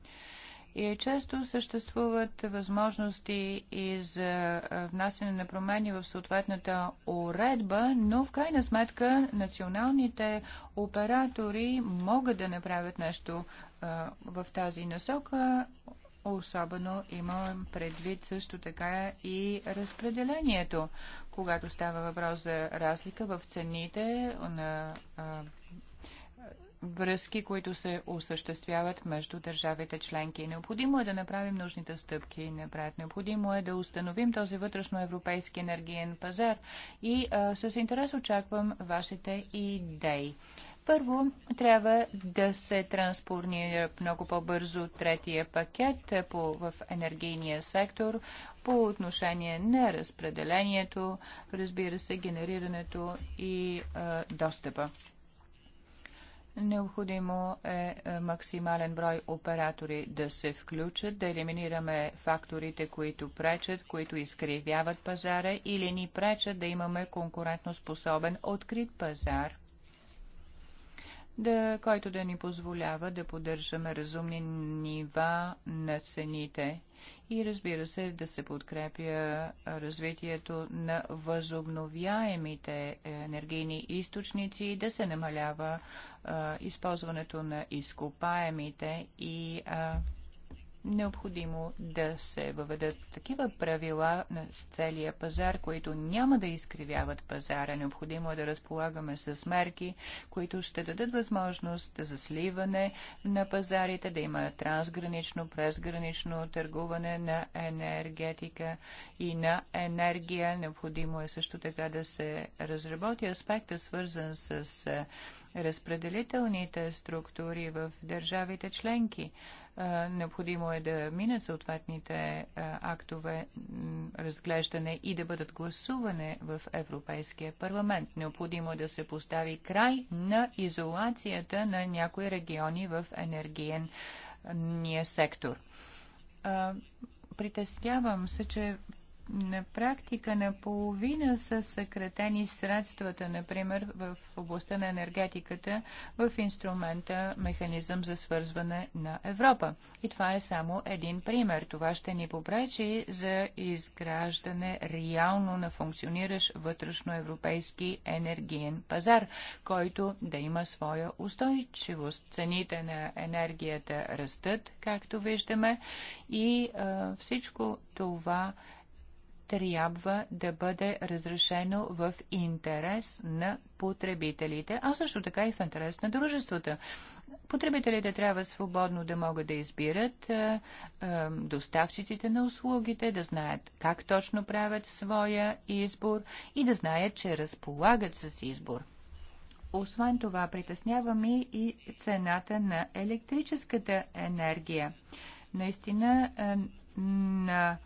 и често съществуват възможности и за внасяне на промени в съответната уредба, но в крайна сметка националните оператори могат да направят нещо в тази насока. Особено имам предвид също така и разпределението, когато става въпрос за разлика в цените на а, връзки, които се осъществяват между държавите членки. Необходимо е да направим нужните стъпки напред. Необходимо е да установим този вътрешно европейски енергиен пазар и а, с интерес очаквам вашите идеи. Първо, трябва да се транспорнира много по-бързо третия пакет по, в енергийния сектор по отношение на разпределението, разбира се, генерирането и а, достъпа. Необходимо е, е максимален брой оператори да се включат, да елиминираме факторите, които пречат, които изкривяват пазара или ни пречат да имаме конкурентно способен открит пазар, да, който да ни позволява да поддържаме разумни нива на цените и разбира се да се подкрепя развитието на възобновяемите е, енергийни източници и да се намалява използването на изкопаемите и необходимо да се въведат такива правила на целия пазар, които няма да изкривяват пазара. Необходимо е да разполагаме с мерки, които ще дадат възможност за сливане на пазарите, да има трансгранично, презгранично търгуване на енергетика и на енергия. Необходимо е също така да се разработи аспекта, свързан с разпределителните структури в държавите членки. Е, необходимо е да минат съответните е, актове разглеждане и да бъдат гласуване в Европейския парламент. Необходимо е да се постави край на изолацията на някои региони в енергиен е, сектор притеснявам се, че на практика наполовина са съкратени средствата, например в областта на енергетиката, в инструмента Механизъм за свързване на Европа. И това е само един пример. Това ще ни попречи за изграждане реално на функциониращ вътрешноевропейски енергиен пазар, който да има своя устойчивост. Цените на енергията растат, както виждаме, и а, всичко това е трябва да бъде разрешено в интерес на потребителите, а също така и в интерес на дружествата. Потребителите трябва свободно да могат да избират е, е, доставчиците на услугите, да знаят как точно правят своя избор и да знаят, че разполагат с избор. Освен това, притеснява ми и цената на електрическата енергия. Наистина, е, на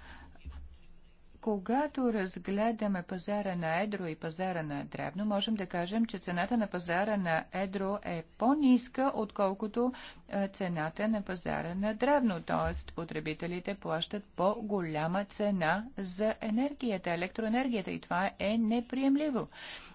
когато разгледаме пазара на едро и пазара на дребно, можем да кажем, че цената на пазара на едро е по-ниска, отколкото е, цената на пазара на дребно. Т.е. потребителите плащат по-голяма цена за енергията, електроенергията и това е неприемливо.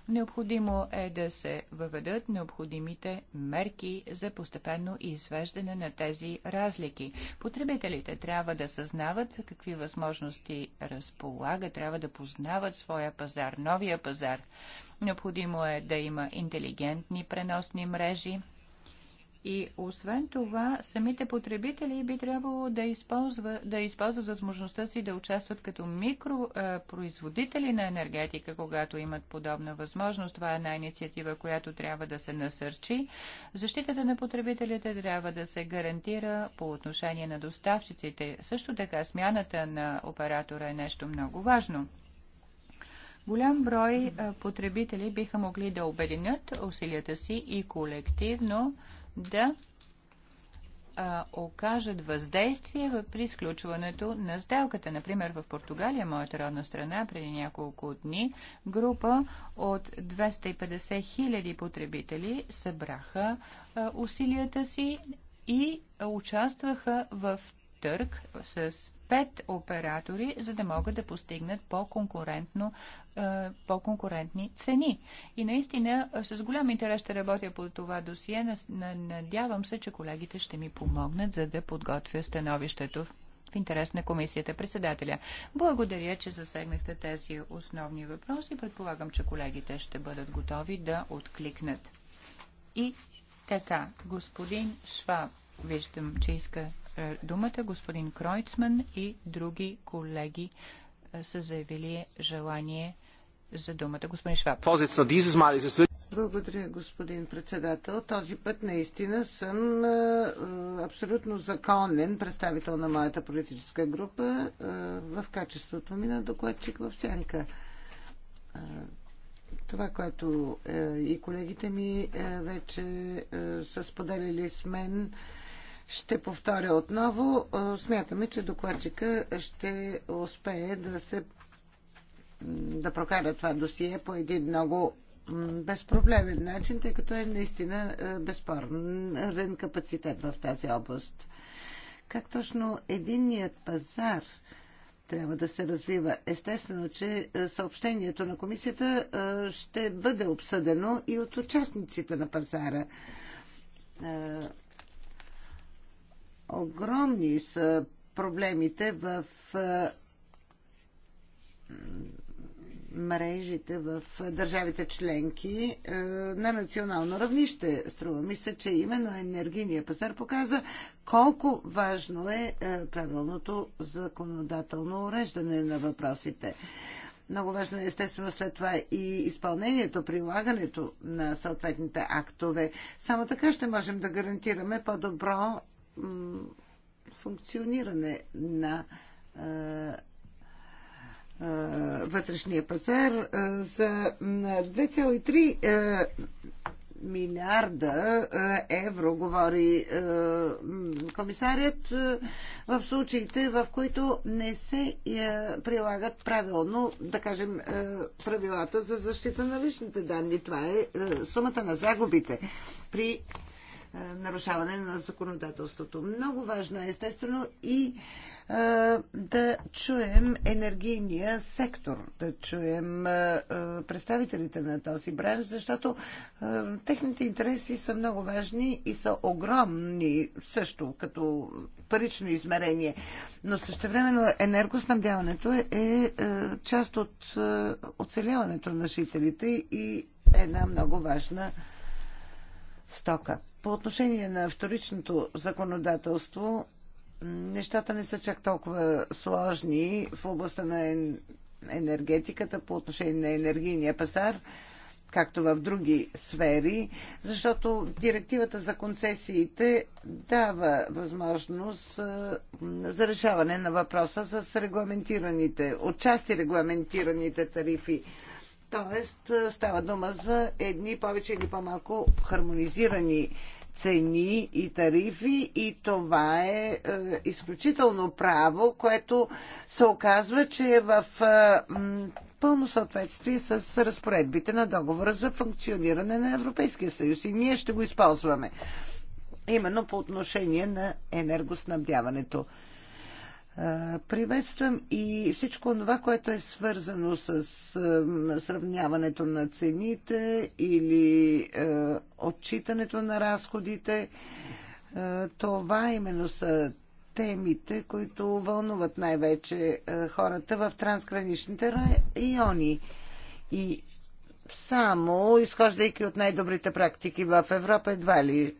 Необходимо е да се въведат необходимите мерки за постепенно извеждане на тези разлики. Потребителите трябва да съзнават какви възможности разполага, трябва да познават своя пазар, новия пазар. Необходимо е да има интелигентни преносни мрежи, и освен това, самите потребители би трябвало да, използват, да използват възможността си да участват като микропроизводители на енергетика, когато имат подобна възможност. Това е една инициатива, която трябва да се насърчи. Защитата на потребителите трябва да се гарантира по отношение на доставчиците. Също така смяната на оператора е нещо много важно. Голям брой потребители биха могли да обединят усилията си и колективно да а, окажат въздействие при сключването на сделката. Например, в Португалия, моята родна страна, преди няколко дни, група от 250 хиляди потребители събраха а, усилията си и участваха в търг с пет оператори, за да могат да постигнат по-конкурентно е, по-конкурентни цени. И наистина е, с голям интерес ще работя по това досие. Надявам се, че колегите ще ми помогнат, за да подготвя становището в интерес на комисията председателя. Благодаря, че засегнахте тези основни въпроси. Предполагам, че колегите ще бъдат готови да откликнат. И така, господин Шваб, виждам, че иска е, думата. Господин Кройцман и други колеги е, са заявили желание за думата. Господин Шваб. Благодаря, господин председател. Този път наистина съм е, абсолютно законен представител на моята политическа група в качеството ми на докладчик в Сенка. Това, което и колегите ми вече са споделили с мен, ще повторя отново. Е, смятаме, че докладчика ще успее да се да прокара това досие по един много безпроблемен начин, тъй като е наистина е, безспорен капацитет в тази област. Как точно единният пазар трябва да се развива? Естествено, че е, съобщението на комисията ще бъде обсъдено и от участниците на пазара Огромни са проблемите в мрежите в държавите членки на национално равнище. Струва ми се, че именно енергийния пазар показа колко важно е правилното законодателно уреждане на въпросите. Много важно е естествено след това и изпълнението, прилагането на съответните актове. Само така ще можем да гарантираме по-добро функциониране на вътрешния пазар за 2,3 милиарда евро, говори комисарят, в случаите, в които не се прилагат правилно, да кажем, правилата за защита на личните данни. Това е сумата на загубите при е, нарушаване на законодателството. Много важно е, естествено, и е, да чуем енергийния сектор, да чуем е, представителите на този бранш, защото техните интереси са много важни и са огромни също като парично измерение. Но същевременно енергоснабдяването е, е част от е, оцеляването на жителите и една много важна стока. По отношение на вторичното законодателство, нещата не са чак толкова сложни в областта на енергетиката, по отношение на енергийния пазар, както в други сфери, защото директивата за концесиите дава възможност за решаване на въпроса с регламентираните, отчасти регламентираните тарифи Тоест, става дума за едни повече или по-малко хармонизирани цени и тарифи и това е, е изключително право, което се оказва, че е в е, пълно съответствие с разпоредбите на договора за функциониране на Европейския съюз и ние ще го използваме именно по отношение на енергоснабдяването. Приветствам и всичко това, което е свързано с сравняването на цените или отчитането на разходите. Това именно са темите, които вълнуват най-вече хората в трансграничните райони. И само изхождайки от най-добрите практики в Европа, едва ли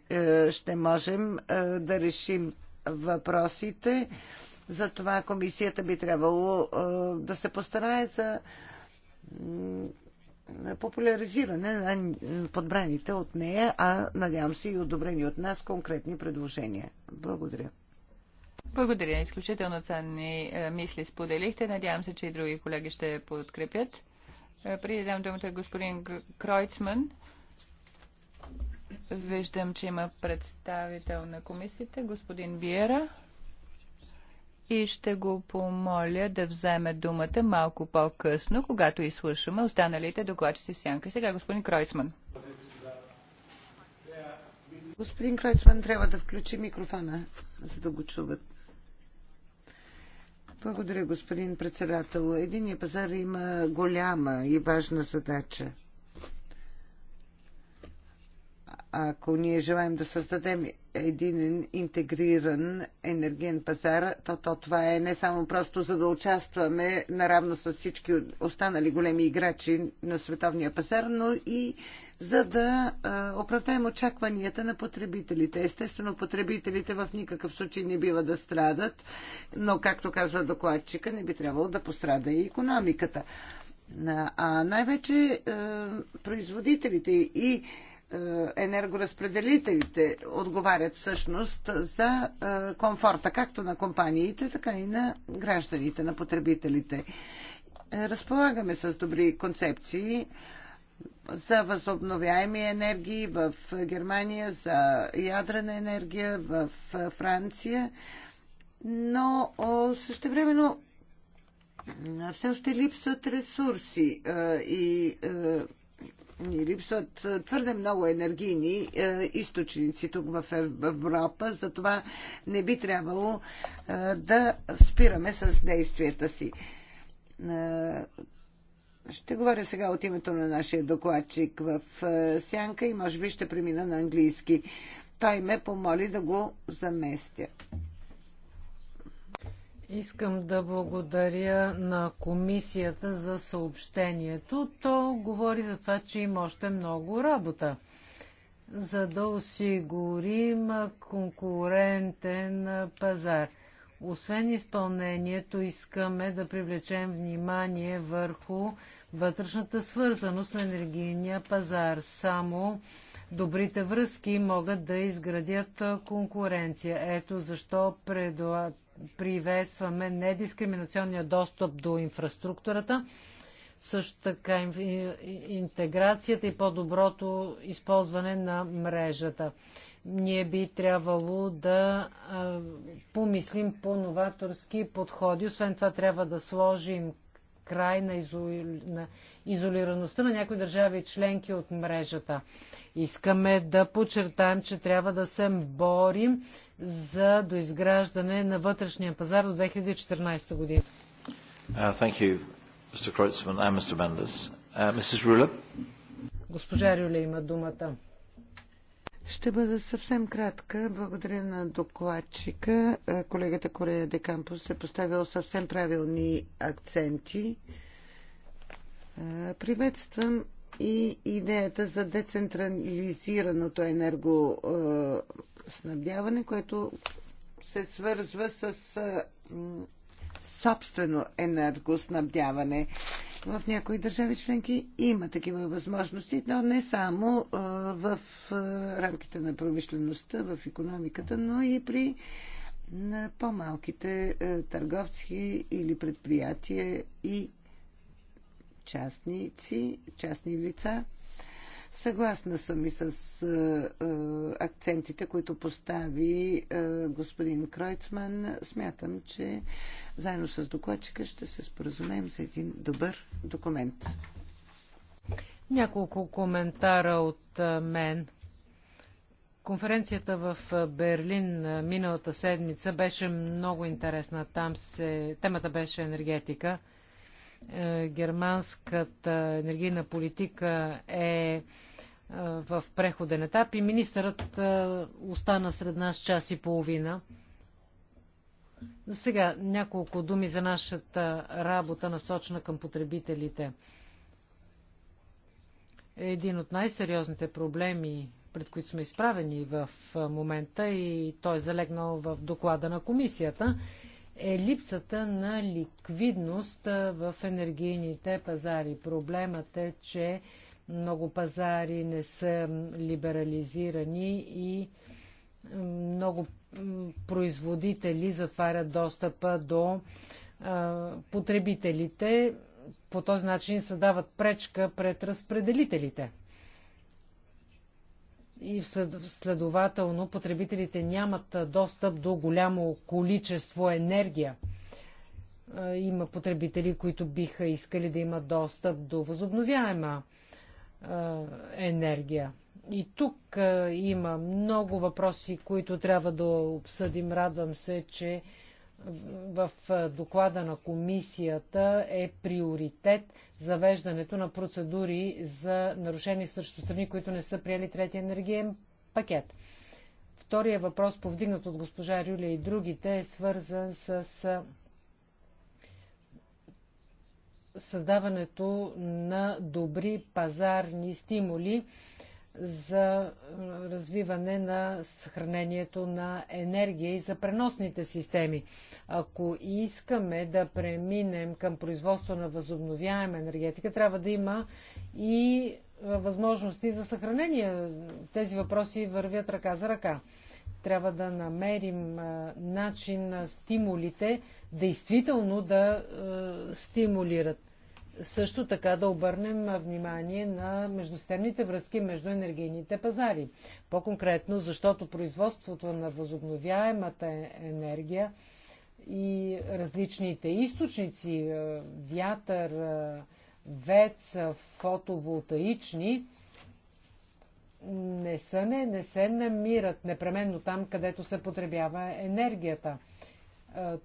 ще можем да решим въпросите. Затова комисията би трябвало е, да се постарае за популяризиране на подбраните от нея, а надявам се и одобрени от нас конкретни предложения. Благодаря. Благодаря. Изключително ценни е, мисли споделихте. Надявам се, че и други колеги ще подкрепят. Е, преди дам думата господин Кройцман. Виждам, че има представител на комисията, господин Биера и ще го помоля да вземе думата малко по-късно, когато изслушаме останалите докладчици в сянка. Сега господин Кройцман. Господин Кройцман трябва да включи микрофона, за да го чуват. Благодаря, господин председател. Единия пазар има голяма и важна задача – ако ние желаем да създадем един интегриран енергиен пазар, то, то това е не само просто за да участваме наравно с всички останали големи играчи на световния пазар, но и за да а, оправдаем очакванията на потребителите. Естествено, потребителите в никакъв случай не бива да страдат, но, както казва докладчика, не би трябвало да пострада и економиката. А най-вече производителите и е, енергоразпределителите отговарят всъщност за е, комфорта както на компаниите, така и на гражданите, на потребителите. Е, разполагаме с добри концепции за възобновяеми енергии в Германия, за ядрена енергия в Франция, но времено все още липсват ресурси и ни липсват е, твърде много енергийни е, източници тук в Европа, затова не би трябвало е, да спираме с действията си. Ще говоря сега от името на нашия докладчик в Сянка и може би ще премина на английски. Той ме помоли да го заместя. Искам да благодаря на комисията за съобщението. То говори за това, че има още много работа, за да осигурим конкурентен пазар. Освен изпълнението, искаме да привлечем внимание върху вътрешната свързаност на енергийния пазар. Само добрите връзки могат да изградят конкуренция. Ето защо предлагам приветстваме недискриминационния достъп до инфраструктурата, също така интеграцията и по-доброто използване на мрежата. Ние би трябвало да помислим по новаторски подходи. Освен това трябва да сложим край на, изо... на изолираността на някои държави членки от мрежата. Искаме да подчертаем, че трябва да се борим за доизграждане на вътрешния пазар до 2014 година. Uh, thank you, Mr. Kreutzmann and Mr. Uh, Mrs. Rula? Госпожа Рюля има думата. Ще бъда съвсем кратка. Благодаря на докладчика. Колегата Корея Декампус е поставил съвсем правилни акценти. Приветствам и идеята за децентрализираното енергоснабдяване, което се свързва с собствено енергоснабдяване. В някои държави членки има такива възможности, но не само в рамките на промишлеността, в економиката, но и при на по-малките търговци или предприятия и частници, частни лица – Съгласна съм и с акцентите, които постави господин Кройцман. Смятам, че заедно с докладчика ще се споразумеем за един добър документ. Няколко коментара от мен. Конференцията в Берлин миналата седмица беше много интересна. Там се... темата беше енергетика. Е, германската енергийна политика е, е в преходен етап и министърът е, остана сред нас час и половина. Сега няколко думи за нашата работа, насочна към потребителите. Един от най-сериозните проблеми, пред които сме изправени в момента и той е залегнал в доклада на комисията, е липсата на ликвидност в енергийните пазари. Проблемът е, че много пазари не са либерализирани и много производители затварят достъпа до потребителите. По този начин се дават пречка пред разпределителите и следователно потребителите нямат достъп до голямо количество енергия. Има потребители, които биха искали да имат достъп до възобновяема енергия. И тук има много въпроси, които трябва да обсъдим. Радвам се, че в доклада на комисията е приоритет – завеждането на процедури за нарушени срещу страни, които не са приели третия енергиен пакет. Втория въпрос, повдигнат от госпожа Рюля и другите, е свързан с създаването на добри пазарни стимули за развиване на съхранението на енергия и за преносните системи. Ако искаме да преминем към производство на възобновяема енергетика, трябва да има и възможности за съхранение. Тези въпроси вървят ръка за ръка. Трябва да намерим начин на стимулите действително да стимулират също така да обърнем внимание на междустемните връзки между енергийните пазари. По-конкретно, защото производството на възобновяемата енергия и различните източници, е, вятър, е, вец, е, фотоволтаични, не, са, не, не се намират непременно там, където се потребява енергията. Е,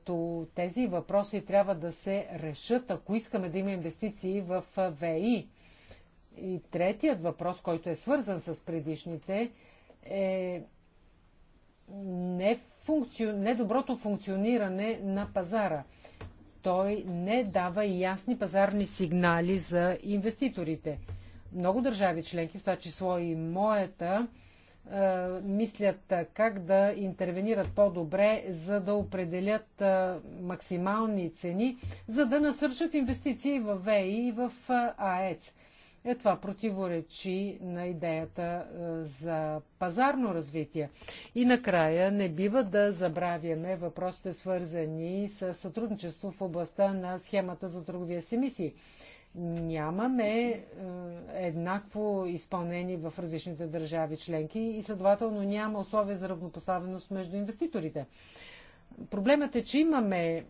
тези въпроси трябва да се решат, ако искаме да има инвестиции в е, ВИ. И третият въпрос, който е свързан с предишните, е функци... недоброто функциониране на пазара. Той не дава ясни пазарни сигнали за инвеститорите. Много държави членки, в това число и моята, е, мислят как да интервенират по-добре, за да определят е, максимални цени, за да насърчат инвестиции в ВЕИ и в е, АЕЦ. Е, това противоречи на идеята за пазарно развитие. И накрая не бива да забравяме въпросите свързани с сътрудничество в областта на схемата за търговия с емисии нямаме е, еднакво изпълнение в различните държави членки и следователно няма условия за равнопоставеност между инвеститорите. Проблемът е, че имаме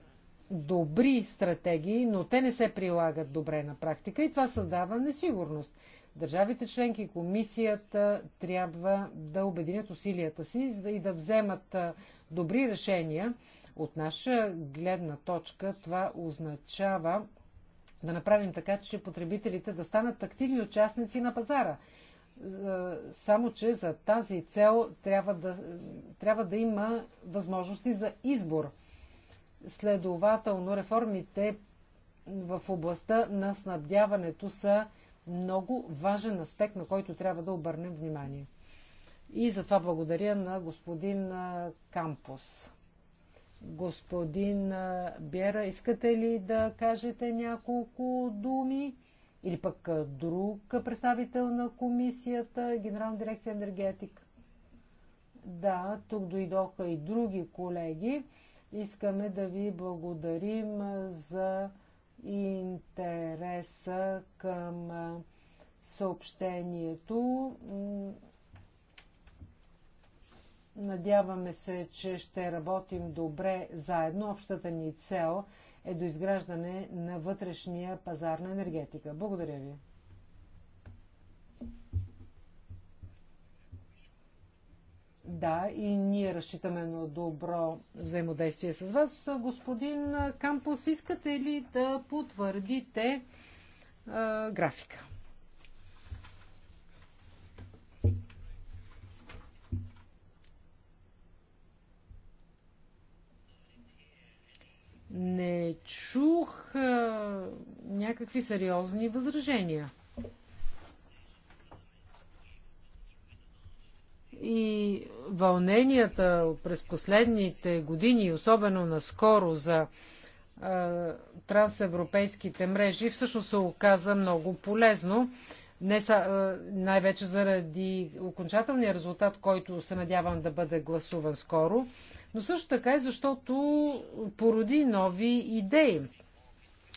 добри стратегии, но те не се прилагат добре на практика и това създава несигурност. Държавите членки и комисията трябва да обединят усилията си и да вземат добри решения. От наша гледна точка това означава да направим така, че потребителите да станат активни участници на пазара. Е, само, че за тази цел трябва да, трябва да има възможности за избор. Следователно, реформите в областта на снабдяването са много важен аспект, на който трябва да обърнем внимание. И затова благодаря на господин е, Кампус. Господин Бера, искате ли да кажете няколко думи? Или пък друг представител на комисията, Генерална дирекция енергетика? Да, тук дойдоха и други колеги. Искаме да ви благодарим за интереса към съобщението. Надяваме се, че ще работим добре заедно. Общата ни цел е до изграждане на вътрешния пазар на енергетика. Благодаря ви. Да, и ние разчитаме на добро взаимодействие с вас. Господин Кампус, искате ли да потвърдите графика? не чух а, някакви сериозни възражения. И вълненията през последните години, особено наскоро за а, трансевропейските мрежи, всъщност се оказа много полезно не са, най-вече заради окончателния резултат, който се надявам да бъде гласуван скоро, но също така и защото породи нови идеи.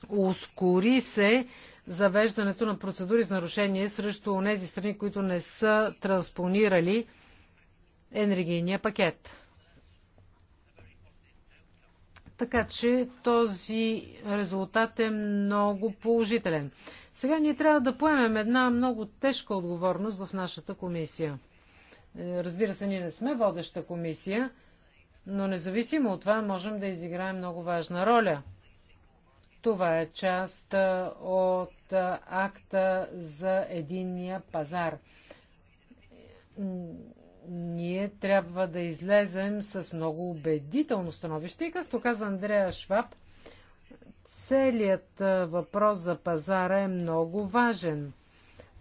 Ускори се завеждането на процедури с нарушение срещу тези страни, които не са транспонирали енергийния пакет. Така че този резултат е много положителен. Сега ние трябва да поемем една много тежка отговорност в нашата комисия. Е, разбира се, ние не сме водеща комисия, но независимо от това можем да изиграем много важна роля. Това е част от акта за единния пазар ние трябва да излезем с много убедително становище. И както каза Андрея Шваб, целият въпрос за пазара е много важен.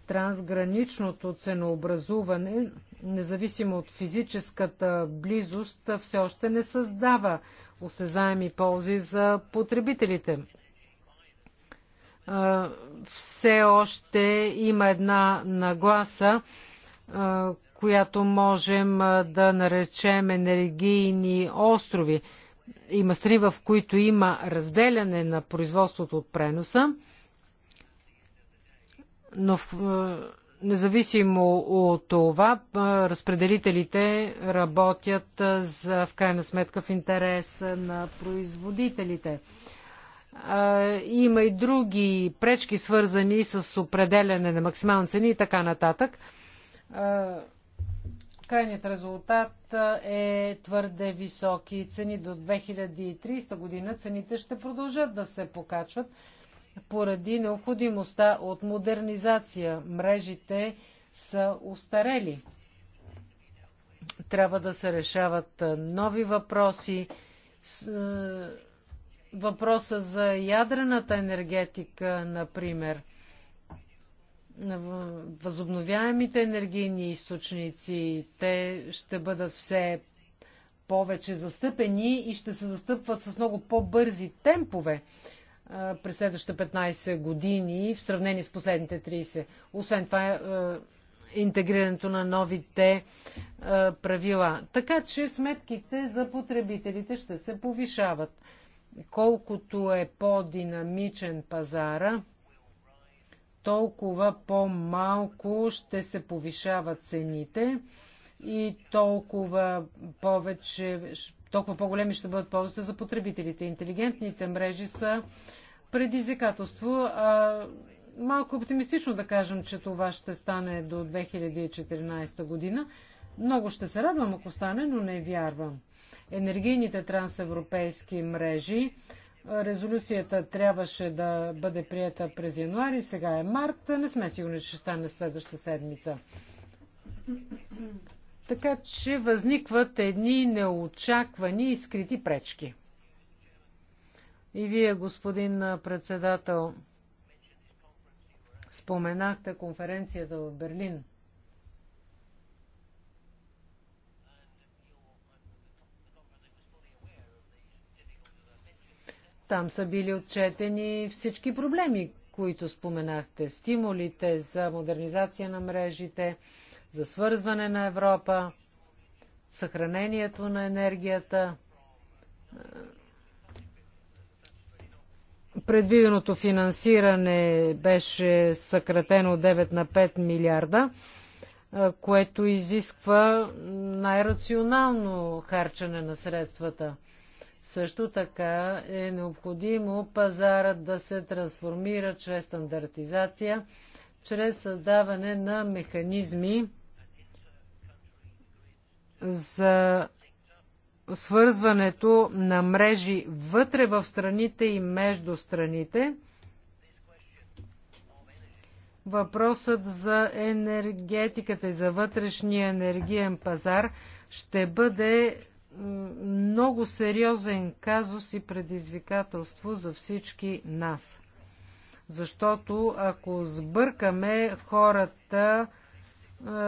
Трансграничното ценообразуване, независимо от физическата близост, все още не създава осезаеми ползи за потребителите все още има една нагласа, която можем да наречем енергийни острови. Има страни, в които има разделяне на производството от преноса, но в, независимо от това, разпределителите работят за, в крайна сметка в интерес на производителите. Има и други пречки, свързани с определяне на максимални цени и така нататък. Крайният резултат е твърде високи цени. До 2030 година цените ще продължат да се покачват поради необходимостта от модернизация. Мрежите са устарели. Трябва да се решават нови въпроси. Въпроса за ядрената енергетика, например – възобновяемите енергийни източници, те ще бъдат все повече застъпени и ще се застъпват с много по-бързи темпове през следващите 15 години в сравнение с последните 30. Освен това, е интегрирането на новите правила. Така че сметките за потребителите ще се повишават. Колкото е по-динамичен пазара, толкова по-малко ще се повишават цените и толкова повече, толкова по-големи ще бъдат ползите за потребителите. Интелигентните мрежи са предизвикателство. А, малко е оптимистично да кажем, че това ще стане до 2014 година. Много ще се радвам, ако стане, но не вярвам. Енергийните трансевропейски мрежи Резолюцията трябваше да бъде приета през януари, сега е март. Не сме сигурни, че ще стане следващата седмица. Така че възникват едни неочаквани и скрити пречки. И вие, господин председател, споменахте конференцията в Берлин – Там са били отчетени всички проблеми, които споменахте. Стимулите за модернизация на мрежите, за свързване на Европа, съхранението на енергията, предвиденото финансиране беше съкратено 9 на 5 милиарда, което изисква най-рационално харчане на средствата. Също така е необходимо пазарът да се трансформира чрез стандартизация, чрез създаване на механизми за свързването на мрежи вътре в страните и между страните. Въпросът за енергетиката и за вътрешния енергиен пазар ще бъде много сериозен казус и предизвикателство за всички нас. Защото ако сбъркаме, хората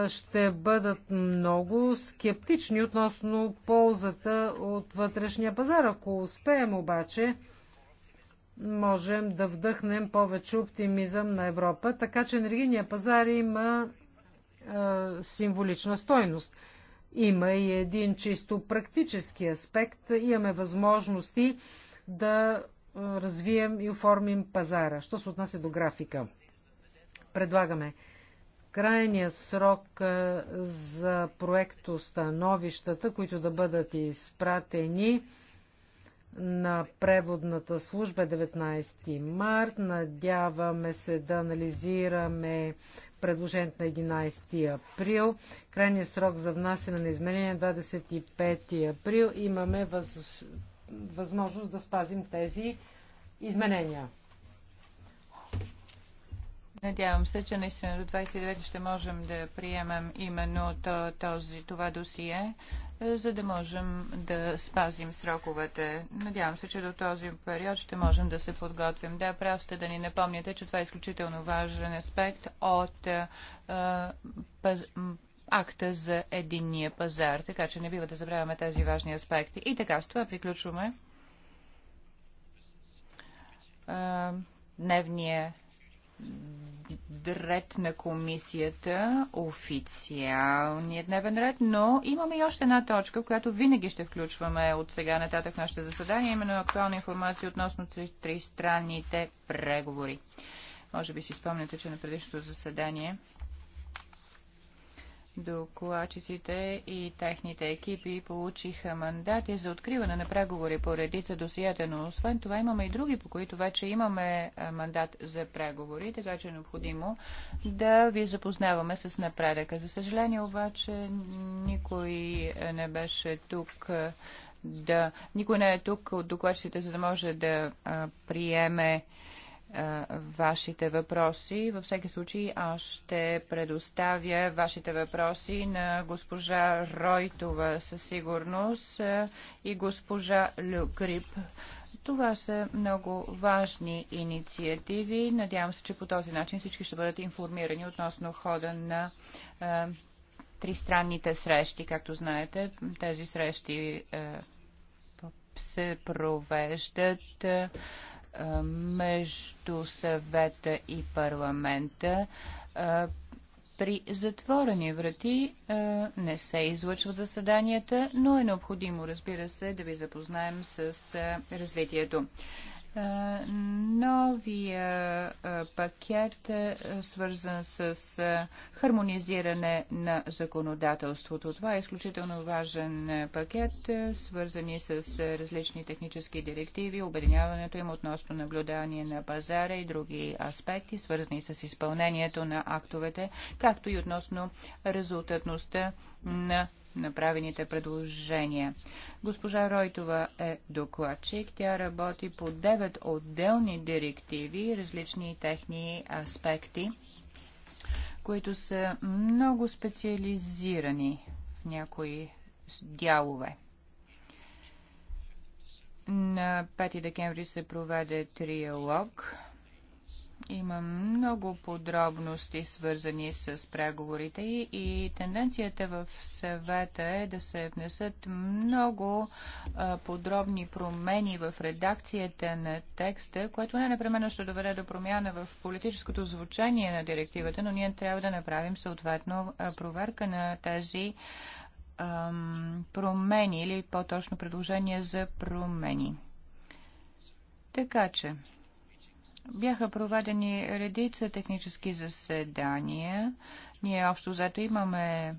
ще бъдат много скептични относно ползата от вътрешния пазар. Ако успеем обаче, можем да вдъхнем повече оптимизъм на Европа, така че енергийния пазар има символична стойност. Има и един чисто практически аспект. Имаме възможности да развием и оформим пазара. Що се отнася до графика? Предлагаме крайния срок за проекто становищата, които да бъдат изпратени на преводната служба 19 е март. Надяваме се да анализираме предложението на 11 април. Крайният срок за внасяне на изменения 25 е април. Имаме въз... възможност да спазим тези изменения. Надявам се, че наистина до 29 ще можем да приемем именно този, това досие, за да можем да спазим сроковете. Надявам се, че до този период ще можем да се подготвим. Да, прав сте да ни напомняте, че това е изключително важен аспект от а, паз, акта за единния пазар, така че не бива да забравяме тези важни аспекти. И така, с това приключваме. А, дневния ред на комисията, официалният дневен ред, но имаме и още една точка, в която винаги ще включваме от сега нататък в нашите заседания, именно актуална информация относно тристранните преговори. Може би си спомняте, че на предишното заседание Докладчиците и техните екипи получиха мандати за откриване на преговори по редица досията, но освен това имаме и други, по които вече имаме е, мандат за преговори, така че е необходимо да ви запознаваме с напредъка. За съжаление обаче никой не беше тук е, да... Никой не е тук от докладчиците, за да може да приеме вашите въпроси. Във всеки случай аз ще предоставя вашите въпроси на госпожа Ройтова със сигурност и госпожа Люкрип. Това са много важни инициативи. Надявам се, че по този начин всички ще бъдат информирани относно хода на е, тристранните срещи. Както знаете, тези срещи е, се провеждат. Е, между съвета и парламента при затворени врати не се излъчват заседанията, но е необходимо, разбира се, да ви запознаем с развитието новия пакет, свързан с хармонизиране на законодателството. Това е изключително важен пакет, свързани с различни технически директиви, обединяването им относно наблюдание на пазара и други аспекти, свързани с изпълнението на актовете, както и относно резултатността на направените предложения. Госпожа Ройтова е докладчик. Тя работи по 9 отделни директиви, различни техни аспекти, които са много специализирани в някои дялове. На 5 декември се проведе триалог има много подробности, свързани с преговорите и, и тенденцията в съвета е да се внесат много а, подробни промени в редакцията на текста, което не непременно ще доведе до промяна в политическото звучание на директивата, но ние трябва да направим съответно проверка на тези ам, промени или по-точно предложения за промени. Така че. Бяха проведени редица технически заседания. Ние общо зато имаме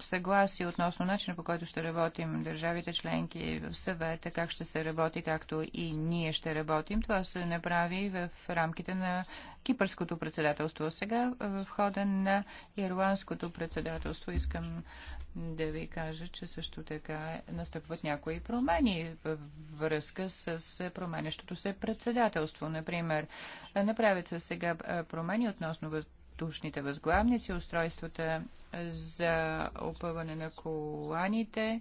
съгласие относно начина по който ще работим държавите членки в съвета, как ще се работи, както и ние ще работим. Това се направи в рамките на Кипърското председателство. Сега в хода на Ирландското председателство искам да ви кажа, че също така настъпват някои промени във връзка с променещото се председателство. Например, направят се сега промени относно въздушните възглавници, устройствата за опъване на коланите,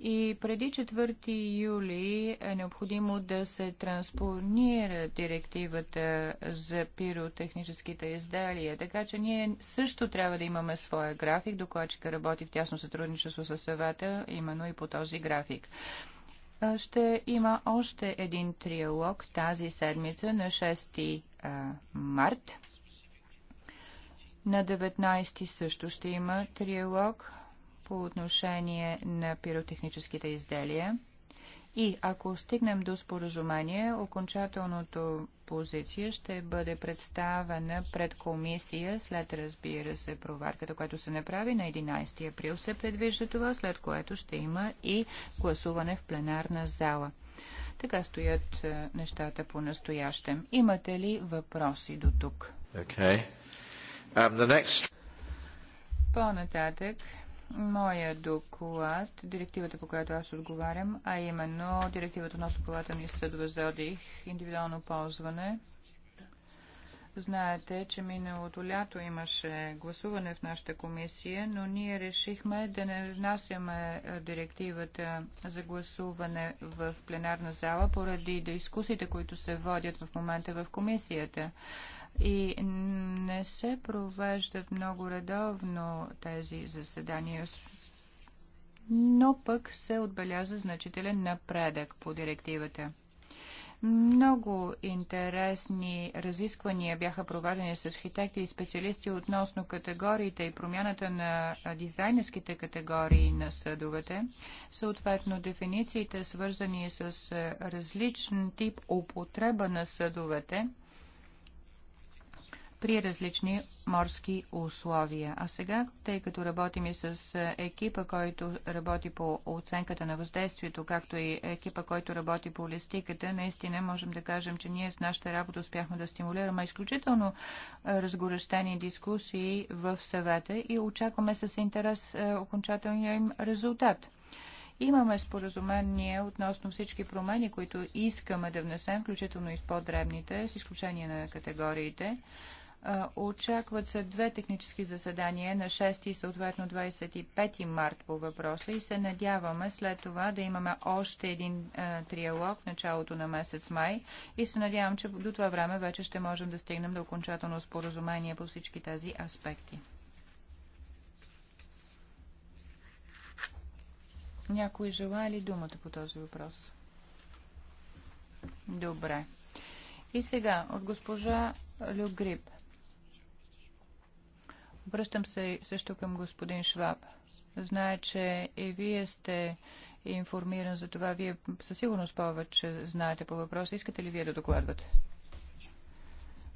и преди 4 юли е необходимо да се транспонира директивата за пиротехническите изделия. Така че ние също трябва да имаме своя график. Докладчика работи в тясно сътрудничество с съвета, именно и по този график. Ще има още един триалог тази седмица на 6 март. На 19 също ще има триалог по отношение на пиротехническите изделия. И ако стигнем до споразумение, окончателното позиция ще бъде представена пред комисия, след разбира се проверката, която се направи на 11 април се предвижда това, след което ще има и гласуване в пленарна зала. Така стоят е, нещата по настоящем. Имате ли въпроси до тук? Okay. Um, the next... По-нататък моя доклад, директивата, по която аз отговарям, а именно директивата относно ни съдове за отдих, индивидуално ползване. Знаете, че миналото лято имаше гласуване в нашата комисия, но ние решихме да не внасяме е, директивата за гласуване в пленарна зала поради дискусиите, които се водят в момента в комисията и не се провеждат много редовно тези заседания но пък се отбеляза значителен напредък по директивата. Много интересни разисквания бяха проведени с архитекти и специалисти относно категориите и промяната на дизайнерските категории на съдовете, съответно дефинициите свързани с различен тип употреба на съдовете – при различни морски условия. А сега, тъй като работим и с е, екипа, който работи по оценката на въздействието, както и екипа, който работи по листиката, наистина можем да кажем, че ние с нашата работа успяхме да стимулираме изключително е, разгорещени дискусии в съвета и очакваме с интерес е, окончателния им резултат. Имаме споразумение относно всички промени, които искаме да внесем, включително и с по-дребните, с изключение на категориите. Очакват се две технически заседания на 6 и съответно 25 март по въпроса и се надяваме след това да имаме още един е, триалог в началото на месец май и се надявам, че до това време вече ще можем да стигнем до окончателно споразумение по всички тези аспекти. Някой желая ли думата по този въпрос? Добре. И сега от госпожа Люгрип. Връщам се също към господин Шваб. Знае, че и вие сте информиран за това. Вие със сигурност повече знаете по въпроса. Искате ли вие да докладвате?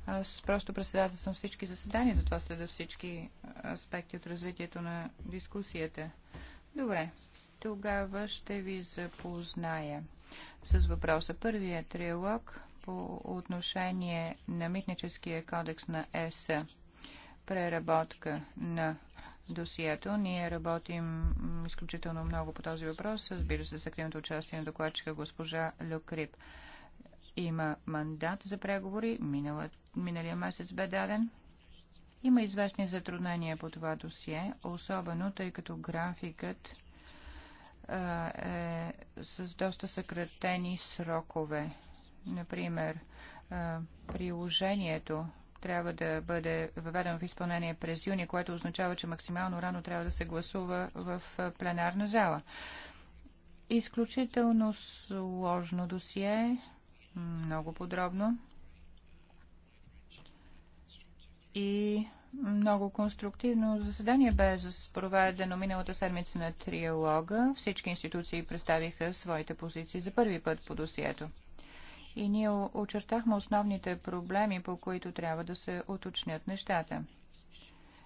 Аз просто председател съм всички заседания, затова следа всички аспекти от развитието на дискусията. Добре, тогава ще ви запозная с въпроса. Първият триалог по отношение на Митническия кодекс на ЕС преработка на досието. Ние работим изключително много по този въпрос, разбира се, с активното участие на докладчика госпожа Люкрип. Има мандат за преговори, Минала, миналия месец бе даден. Има известни затруднения по това досие, особено тъй като графикът а, е с доста съкратени срокове. Например, а, приложението трябва да бъде въведен в изпълнение през юни, което означава, че максимално рано трябва да се гласува в пленарна зала. Изключително сложно досие, много подробно и много конструктивно заседание бе проведено миналата седмица на триалога. Всички институции представиха своите позиции за първи път по досието и ние очертахме основните проблеми, по които трябва да се уточнят нещата.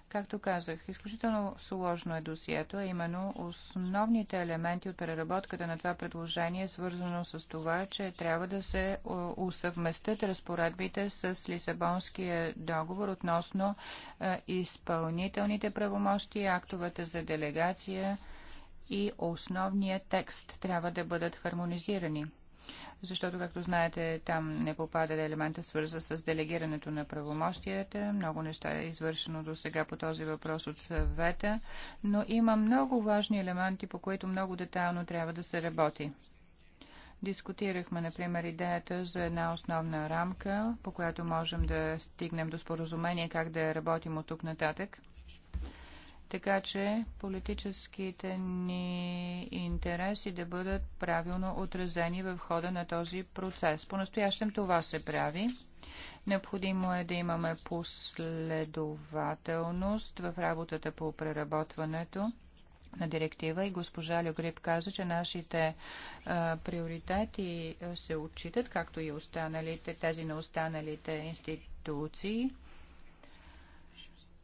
Както казах, изключително сложно е досието, а именно основните елементи от преработката на това предложение е свързано с това, че трябва да се усъвместят разпоредбите с Лисабонския договор относно е, изпълнителните правомощи, актовете за делегация и основния текст трябва да бъдат хармонизирани защото, както знаете, там не попада елемента свърза с делегирането на правомощията. Много неща е извършено до сега по този въпрос от съвета, но има много важни елементи, по които много детайлно трябва да се работи. Дискутирахме, например, идеята за една основна рамка, по която можем да стигнем до споразумение как да работим от тук нататък така че политическите ни интереси да бъдат правилно отразени в хода на този процес. По-настоящем това се прави. Необходимо е да имаме последователност в работата по преработването на директива и госпожа Люгриб каза, че нашите а, приоритети се отчитат, както и останалите, тези на останалите институции.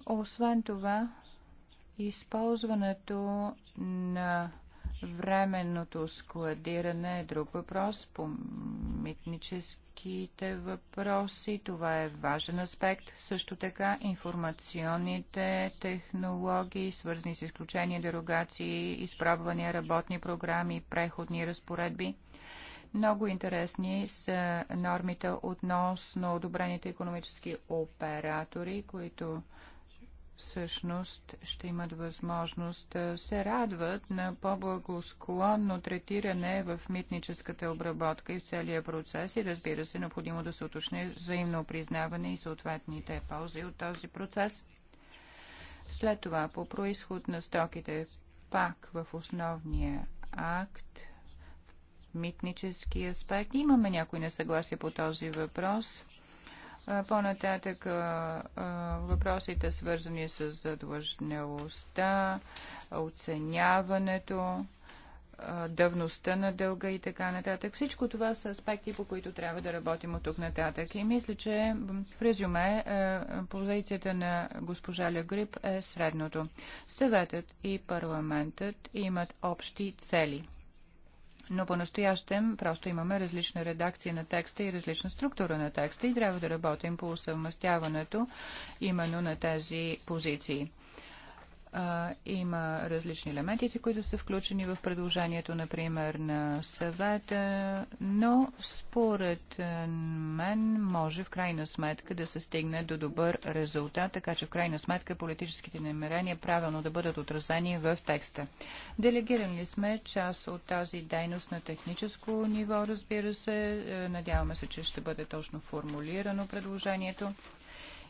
Освен това, Използването на временното складиране е друг въпрос. По митническите въпроси това е важен аспект. Също така информационните технологии, свързани с изключение дерогации, изпробвания, работни програми, преходни разпоредби. Много интересни са нормите относно одобрените економически оператори, които всъщност ще имат възможност да се радват на по-благосклонно третиране в митническата обработка и в целия процес и разбира се, необходимо да се уточни взаимно признаване и съответните ползи от този процес. След това, по происход на стоките, пак в основния акт, в митнически аспект, имаме някои несъгласия по този въпрос – по-нататък въпросите свързани с задлъжнялостта, оценяването, давността на дълга и така нататък. Всичко това са аспекти, по които трябва да работим от тук нататък. И мисля, че в резюме позицията на госпожа Легрип е средното. Съветът и парламентът имат общи цели. Но по-настоящем просто имаме различна редакция на текста и различна структура на текста и трябва да работим по усъвместяването именно на тези позиции има различни елементи, които са включени в предложението, например, на съвета, но според е, мен може в крайна сметка да се стигне до добър резултат, така че в крайна сметка политическите намерения правилно да бъдат отразени в текста. Делегирани сме част от тази дейност на техническо ниво, разбира се. Е, надяваме се, че ще бъде точно формулирано предложението.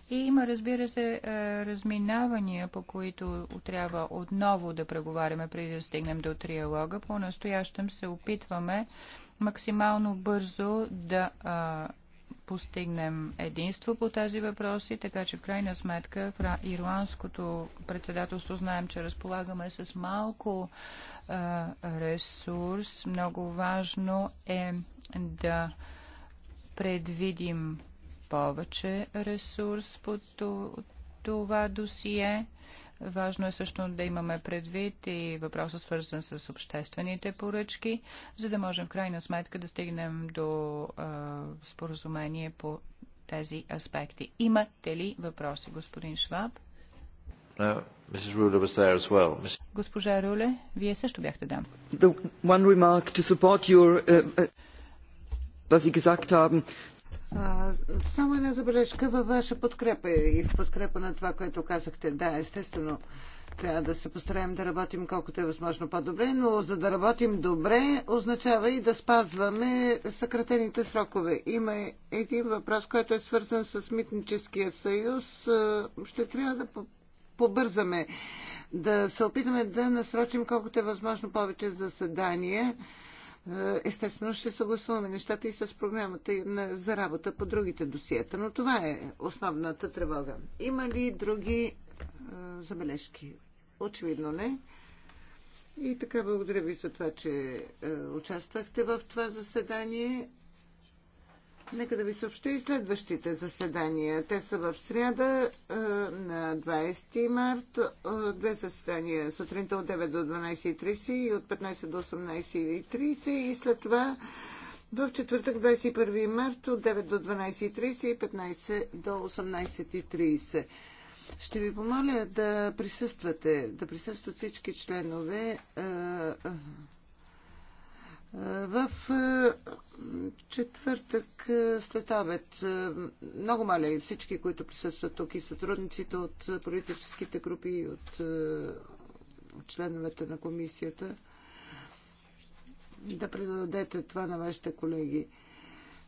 И има, разбира се, е, разминавания, по които трябва отново да преговаряме преди да стигнем до триалога. По-настоящем се опитваме максимално бързо да постигнем единство по тези въпроси, така че в крайна сметка в ирландското председателство знаем, че разполагаме с малко а, ресурс. Много важно е да предвидим повече ресурс по това досие. Важно е също да имаме предвид и въпроса свързан с обществените поръчки, за да можем в крайна сметка да стигнем до е, споразумение по тези аспекти. Имате ли въпроси, господин Шваб? Uh, Госпожа Руле, вие също бяхте дам. The one remark to support your, uh, was Sie gesagt haben, само една забележка във ваша подкрепа и в подкрепа на това, което казахте. Да, естествено, трябва да се постараем да работим колкото е възможно по-добре, но за да работим добре означава и да спазваме съкратените срокове. Има един въпрос, който е свързан с Митническия съюз. Ще трябва да побързаме, да се опитаме да насрочим колкото е възможно повече заседания е, естествено ще съгласуваме нещата и с програмата за работа по другите досиета, но това е основната тревога. Има ли други е, забележки? Очевидно не. И така, благодаря ви за това, че е, участвахте в това заседание. Нека да ви съобща и следващите заседания. Те са в среда на 20 март. Две заседания сутринта от 9 до 12.30 и от 15 до 18.30 и след това в четвъртък 21 март от 9 до 12.30 и 15 до 18.30. Ще ви помоля да присъствате, да присъстват всички членове в е, четвъртък е, след обед е, много маля и всички, които присъстват тук и сътрудниците от политическите групи и от членовете на комисията, да предадете това на вашите колеги.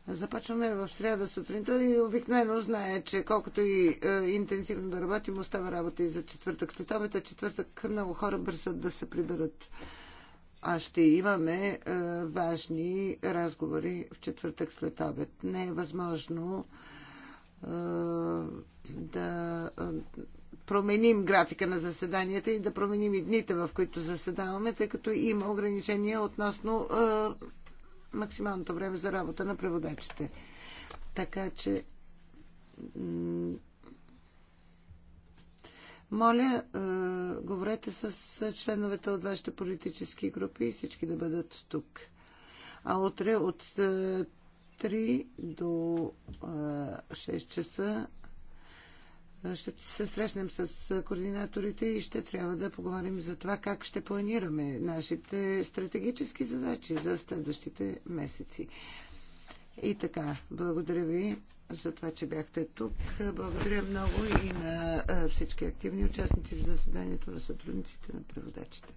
Започваме в среда сутринта и обикновено знае, че колкото и е, интенсивно да работим, остава работа и за четвъртък. След обед, четвъртък много хора бързат да се приберат а ще имаме е, важни разговори в четвъртък след обед. Не е възможно е, да е, променим графика на заседанията и да променим и дните, в които заседаваме, тъй като има ограничения относно е, максималното време за работа на преводачите. Така че моля, е, говорете с членовете от вашите политически групи и всички да бъдат тук. А утре от 3 е, до 6 е, часа е, ще се срещнем с координаторите и ще трябва да поговорим за това как ще планираме нашите стратегически задачи за следващите месеци. И така, благодаря ви за това, че бяхте тук. Благодаря много и на всички активни участници в заседанието, на сътрудниците, на преводачите.